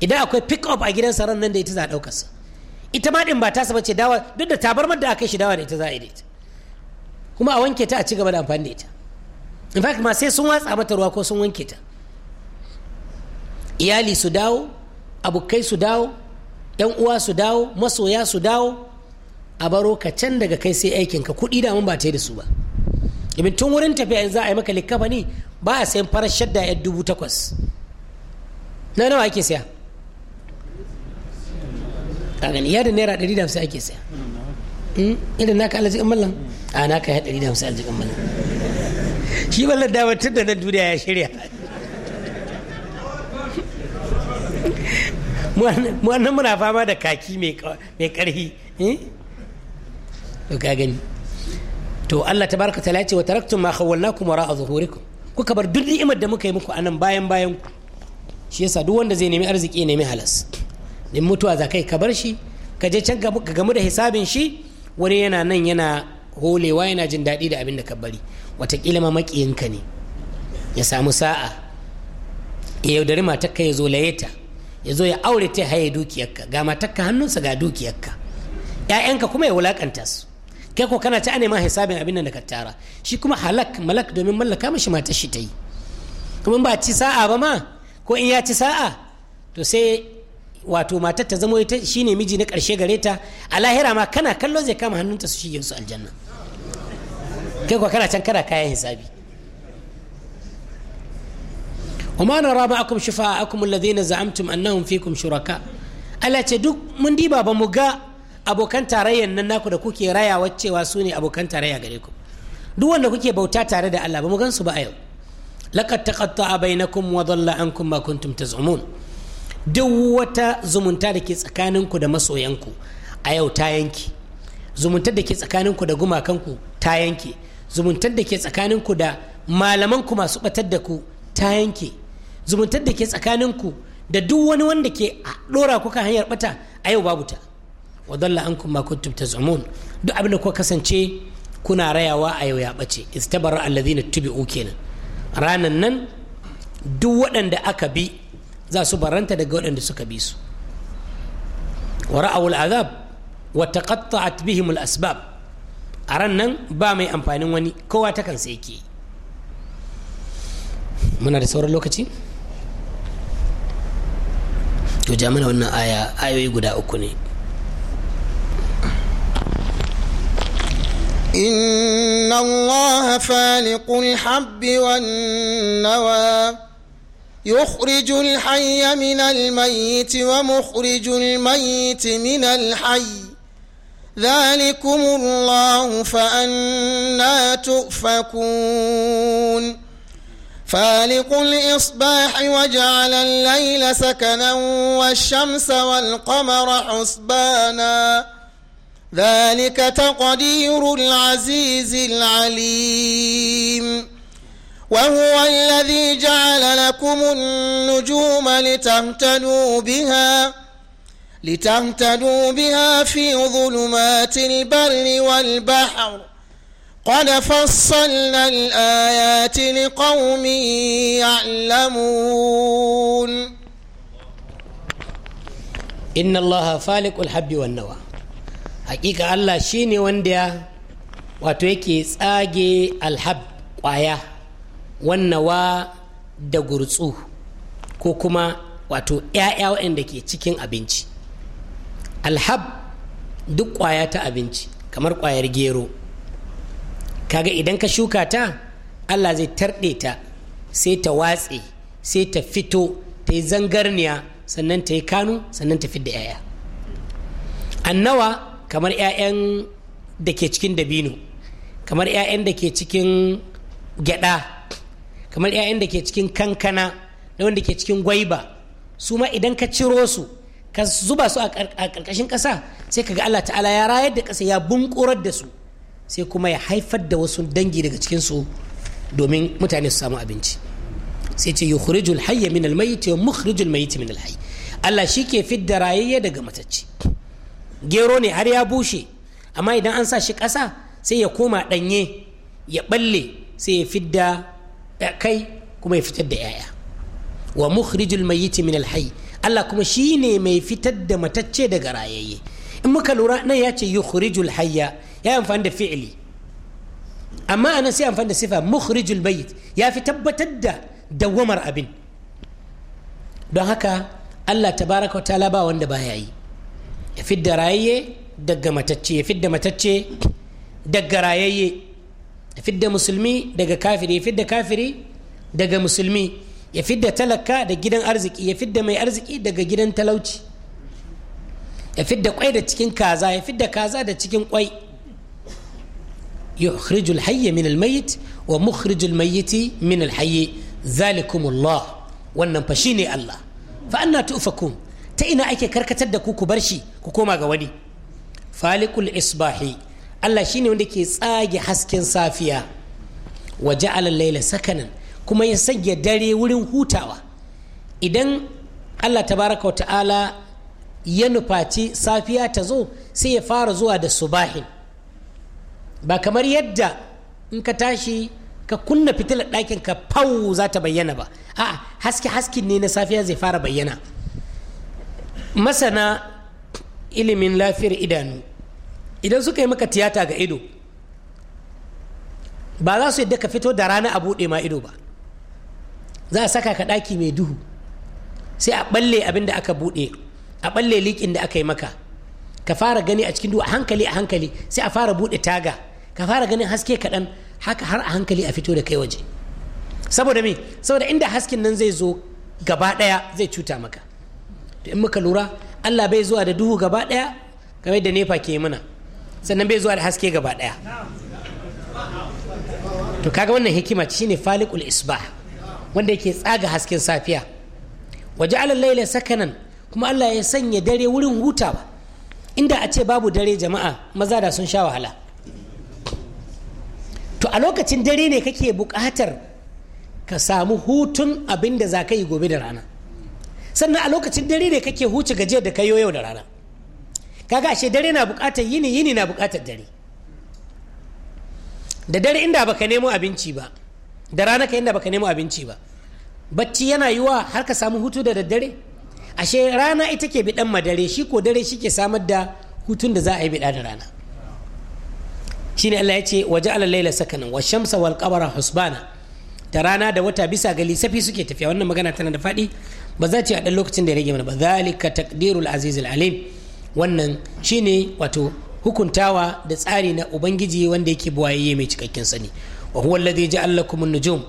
idan akwai pick up a gidansa ran nan da ita za a ɗaukarsa ita ma ɗin ba ta saba ce dawa duk da tabarmar da aka shi dawa da ita za a yi da ita kuma a wanke ta a ci gaba da amfani da ita in fact ma sai sun watsa mata ruwa ko sun wanke ta iyali su dawo abokai su dawo yan uwa su dawo masoya su dawo a baro ka can daga kai sai aikin ka kuɗi da mun ba ta da su ba ibin tun wurin tafiya yanzu za a yi maka likkafa ne ba a sayan farar shadda yar dubu takwas na nawa ake saya kagani ya da naira ɗari da hamsin ake saya hmm? irin naka alhaji mallan a naka ya ɗari da hamsin alhaji mallam shi wallan dama tun da nan duniya ya shirya mu annan muna fama da kaki mai karhi eh? to ga gani to Allah tabaraka ta ce wa taraktum ma khawwalnakum wara'a zuhurikum kuka bar duk ni'imar da muka yi muku anan bayan bayan ku shi yasa duk wanda zai nemi arziki nemi halas din mutuwa za kai ka bar shi ka je can ka gamu da hisabin shi wani yana nan yana holewa yana jin daɗi da abin da ka bari watakila ma maƙiyinka ne ya samu sa'a ya yaudari matakka ya zo ta ya zo ya aure ta haye dukiyarka ga matakka hannunsa ga dukiyarka ‘ya'yanka kuma ya wulakanta su kai ko kana ta a neman hisabin abin da ka tara shi kuma halak malak domin mallaka mashi matar shi ta yi kuma ba ci sa'a ba ma ko in ya ci sa'a to sai wato matar ta zamo ita ne miji na ƙarshe gare ta a lahira ma kana kallo zai kama hannunta su shige su aljanna kai kuwa kana can kana kayan hisabi وما نرى معكم شفاءكم الذين زعمتم nan فيكم shuraka Allah ce duk mun diba ba mu ga abokan tarayyar nan naku da kuke rayawa cewa su ne abokan tarayya gare ku duk wanda kuke bauta tare da Allah ba mu gansu ba a yau laqad taqatta'a bainakum wa dhalla ankum ma kuntum taz'umun duk wata zumunta da ke tsakaninku da masoyanku a yau ta yanki zumuntar da ke tsakaninku da gumakanku ta yanke zumuntar da ke tsakaninku da malamanku masu batar da ku ta yanke zumuntar da ke tsakaninku da duk wani wanda ke dora kuka hanyar bata a yau babu ta wadalla an kuma kuntum tazumun duk abin da kuka kasance kuna rayawa a yau ya bace istabara alladhina tubi'u kenan ranan nan duk waɗanda aka bi za su baranta daga waɗanda suka bi su wa ra'awul azab wa taqatta'at bihim al asbab a ran nan ba mai amfanin wani kowa ta kan sai ke muna da sauran lokaci to ja mana wannan aya ayoyi guda uku ne إن الله فالق الحب والنوى يخرج الحي من الميت ومخرج الميت من الحي ذلكم الله فأنا تؤفكون فالق الإصباح وجعل الليل سكنا والشمس والقمر حسبانا ذلك تقدير العزيز العليم وهو الذي جعل لكم النجوم لتهتدوا بها لتغتدوا بها في ظلمات البر والبحر قد فصلنا الآيات لقوم يعلمون إن الله فالق الحب والنوى حقيقة الله شيني ونديا واتويكي ساقي الحب قايا والنوى دقرسوه كوكما واتو ايا ايا 'ya'ya waɗanda ke cikin abinci alhab duk kwaya ta abinci kamar kwayar gero kaga idan ka shuka ta allah zai tarɗe ta sai ta watse sai ta fito ta yi zangarniya sannan ta yi kanu sannan ta fidda 'ya'ya annawa kamar 'ya'yan da ke cikin dabino kamar 'ya'yan da ke cikin gyada kamar 'ya'yan da ke cikin kankana da wanda ke cikin gwaiba su ma idan ka ciro su ka zuba su a ƙarƙashin ƙasa sai ka ga Allah ta'ala ya rayar da ƙasa ya bunƙurar da su sai kuma ya haifar da wasu dangi daga cikin su domin mutane su samu abinci sai ce yukhrijul hayya min almayyit wa mukhrijul mayyit min alhayy Allah shi ke fidda rayayye daga matacce gero ne har ya bushe amma idan an sa shi ƙasa sai ya koma ɗanye ya balle sai ya fidda kai kuma ya fitar da 'ya'ya wa mukhrijul mayyit min alhayy Allah kuma shi ne mai fitar da matacce daga rayayye in muka lura nan ya ce yukhrijul hayya ya amfani da fi'ili amma anan sai amfani da sifa mukhrijul bayt ya fi tabbatar da dawamar abin don haka Allah tabaraka wa ta'ala ba wanda baya yi ya fidda rayayye daga matacce ya fidda matacce daga rayayye ya fidda musulmi daga kafiri ya fidda kafiri daga musulmi ya fidda talaka da gidan arziki ya fidda mai arziki daga gidan talauci ya fidda kwai da cikin kaza ya fidda kaza da cikin kwai يخرج الحي من الميت ومخرج الميت من الحي ذلكم wannan fa shine Allah fa anna tu'fakun ta ina ake karkatar da ku ku bar shi ku koma ga wani falikul isbahi Allah shine wanda ke tsage hasken safiya wa ja'ala al-layla sakanan kuma ya sanya dare wurin hutawa idan allah ta tabaraka ta'ala ya nufaci safiya ta zo sai ya fara zuwa da subahin ba kamar yadda in ka tashi ka kunna fitilar ɗakin ka fau za ta bayyana ba a haske haske ne na safiya zai fara bayyana masana ilimin lafiyar idanu idan suka yi maka tiyata ga ido ba za su yadda ka fito da rana a buɗe ma ido ba za a saka ka ɗaki mai duhu sai a ɓalle abin da aka buɗe a balle likin da aka yi maka ka fara gani a cikin duhu a hankali a hankali sai a fara buɗe taga ka fara ganin haske kaɗan haka har a hankali a fito da kai waje saboda me saboda inda hasken nan zai zo gaba ɗaya zai cuta maka to in muka lura Allah bai zuwa da duhu gaba ɗaya kamar da nefa ke mana sannan bai zuwa da haske gaba ɗaya to kaga wannan hikima shine falikul isbah wanda yake tsaga hasken safiya waje laila sakanan kuma Allah ya sanya dare wurin hutawa inda a ce babu dare jama'a maza da sun sha wahala to a lokacin dare ne kake buƙatar ka samu hutun abin da za ka yi gobe da rana sannan a lokacin dare ne kake huce gajiyar da ka yi yau da rana kaga ashe dare na buƙatar yini yini na buƙatar dare da dare inda baka nemo abinci ba da rana ka inda baka nemo abinci ba bacci yana yiwa har ka samu hutu da daddare ashe rana ita ke bidan madare shi ko dare shi ke samar da hutun da za a yi bida da rana shi ne Allah ya ce waje ala laila sakanin wa shamsa wal qabara husbana da rana da wata bisa ga lissafi suke tafiya wannan magana tana da faɗi ba za ce a ɗan lokacin da ya rage mana ba zalika taqdirul azizul alim wannan shine wato hukuntawa da tsari na ubangiji wanda yake buwaye mai cikakken sani wa huwa allazi ja'al lakum an-nujum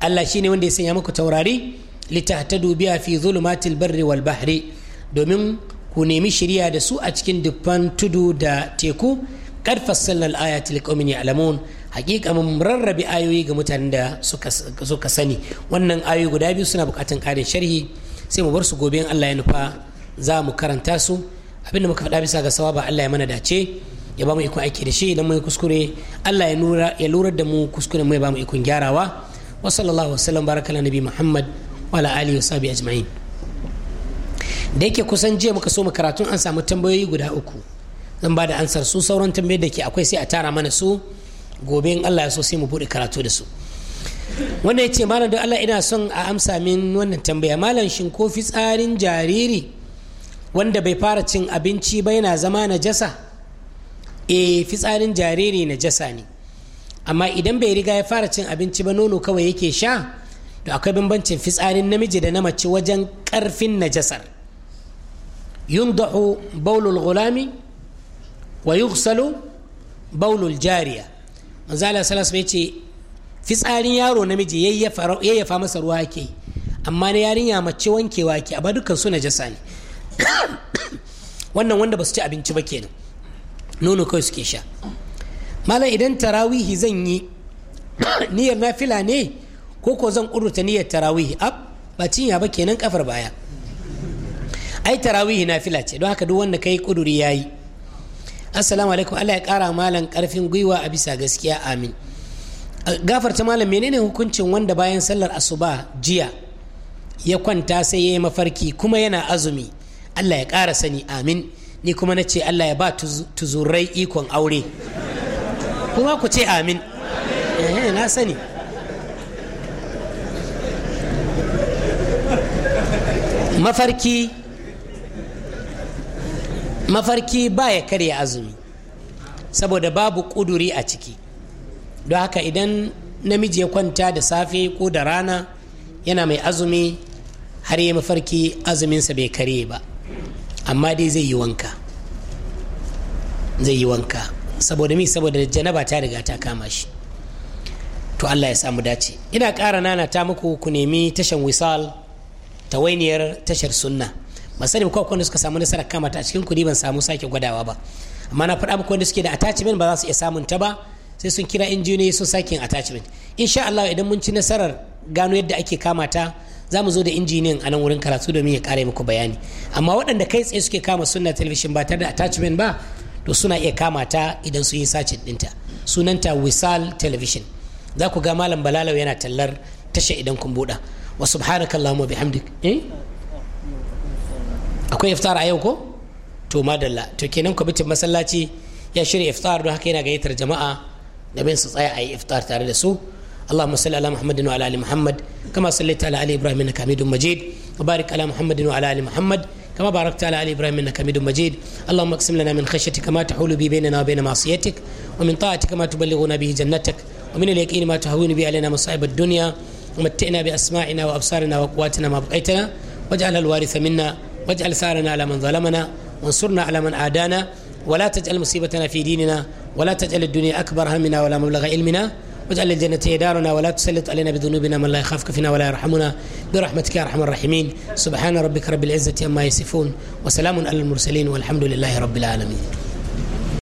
Allah shi ne wanda ya sanya muku taurari litahtadu dubiya fi zulumatil barri wal bahri domin ku nemi shirya da su a cikin dubban tudu da teku kad sallar al-ayati liqaumin ya'lamun hakika mun rarrabe ayoyi ga mutanen da suka sani wannan ayoyi guda biyu suna bukatan karin sharhi sai mu bar su gobe in Allah ya nufa za mu karanta su abin abinda muka faɗa bisa ga sawaba Allah ya mana dace ya ba mu ikon aiki da shi idan yi kuskure Allah ya lura da mu kuskure mai ba mu ikon gyarawa wa sallallahu wa sallam baraka na nabi muhammad wa ala wa sabi ajma'in da yake kusan jiya muka so karatun an samu tambayoyi guda uku zan ba da ansar su sauran tambayar da ke akwai sai a tara mana su gobe in Allah ya so sai mu buɗe karatu da su wanda ya ce malam don Allah ina son a amsa min wannan tambaya malam shin ko fitsarin jariri wanda bai fara cin abinci ba yana zama na jasa e eh, fitsarin jariri na jasa ne amma idan bai riga ya fara cin abinci ba nono kawai yake sha to akwai bambancin fitsarin namiji da na mace wajen karfin najasar yundahu baulul gulami wa yugsalu baulul jariya manzala salas bai ce fitsarin yaro namiji yayyafa masa ruwa ake amma na yarinya mace wankewa ake a dukkan su najasa ne wannan wanda ba su ci abinci ba kenan nono kawai suke sha malam idan tarawihi zan yi niyyar nafila ne ko ko zan ƙudurta niyyar tarawihi ab ba cinya ba kenan kafar baya ai tarawihi nafila ce don haka duk wanda kai kuduri yayi assalamu alaikum Allah ya kara malam karfin gwiwa a bisa gaskiya amin gafarta malam menene hukuncin wanda bayan sallar asuba jiya ya kwanta sai ya yi mafarki kuma yana azumi Allah ya kara sani amin ni kuma na ce Allah ya ba tuzurai ikon aure kuma ku ce amin eh na sani mafarki mafarki ba ya karya azumi saboda babu kuduri a ciki don haka idan namiji ya kwanta da safe ko da rana yana mai azumi har yi mafarki azuminsa bai karye ba amma dai zai yi wanka zai yi wanka saboda mi saboda janaba ta riga ta kama shi to Allah ya samu dace ina ƙara nana ta muku ku nemi tashan wisal tawainiyar tashar sunna masani sani ko wanda suka samu nasara kama ta a cikin kuɗi ban samu sake gwadawa ba amma na faɗa muku wanda suke da attachment ba za su iya samun ta ba sai sun kira injiniyoyi sun sake yin attachment insha Allah idan mun ci nasarar gano yadda ake kama ta za mu zo da injiniyan a nan wurin karatu domin ya ƙara muku bayani amma waɗanda kai tsaye suke kama sunna television ba tare da attachment ba to suna iya kama ta idan su yi sacin dinta sunanta wisal television za ku ga malam balalau yana tallar tasha idan kun buɗa wa subhanakallahumma bihamdik eh akwai iftar a yau ko to madalla to kenan kwamitin masallaci ya shirya iftar don haka yana gayyatar jama'a da bin su tsaya a yi iftar tare da su اللهم صل على محمد وعلى ال محمد كما صليت على ال ابراهيم انك حميد مجيد وبارك على محمد وعلى ال محمد كما باركت على آل إبراهيم إنك حميد مجيد اللهم اقسم لنا من خشيتك ما تحول به بيننا وبين معصيتك ومن طاعتك ما تبلغنا به جنتك ومن اليقين ما تهون به علينا مصائب الدنيا ومتئنا بأسماعنا وأبصارنا وقواتنا ما بقيتنا واجعل الوارث منا واجعل ثارنا على من ظلمنا وانصرنا على من عادانا ولا تجعل مصيبتنا في ديننا ولا تجعل الدنيا أكبر همنا ولا مبلغ علمنا واجعل الجنة دارنا ولا تسلط علينا بذنوبنا من لا يخافك فينا ولا يرحمنا برحمتك يا أرحم الراحمين سبحان ربك رب العزة عما يصفون وسلام على المرسلين والحمد لله رب العالمين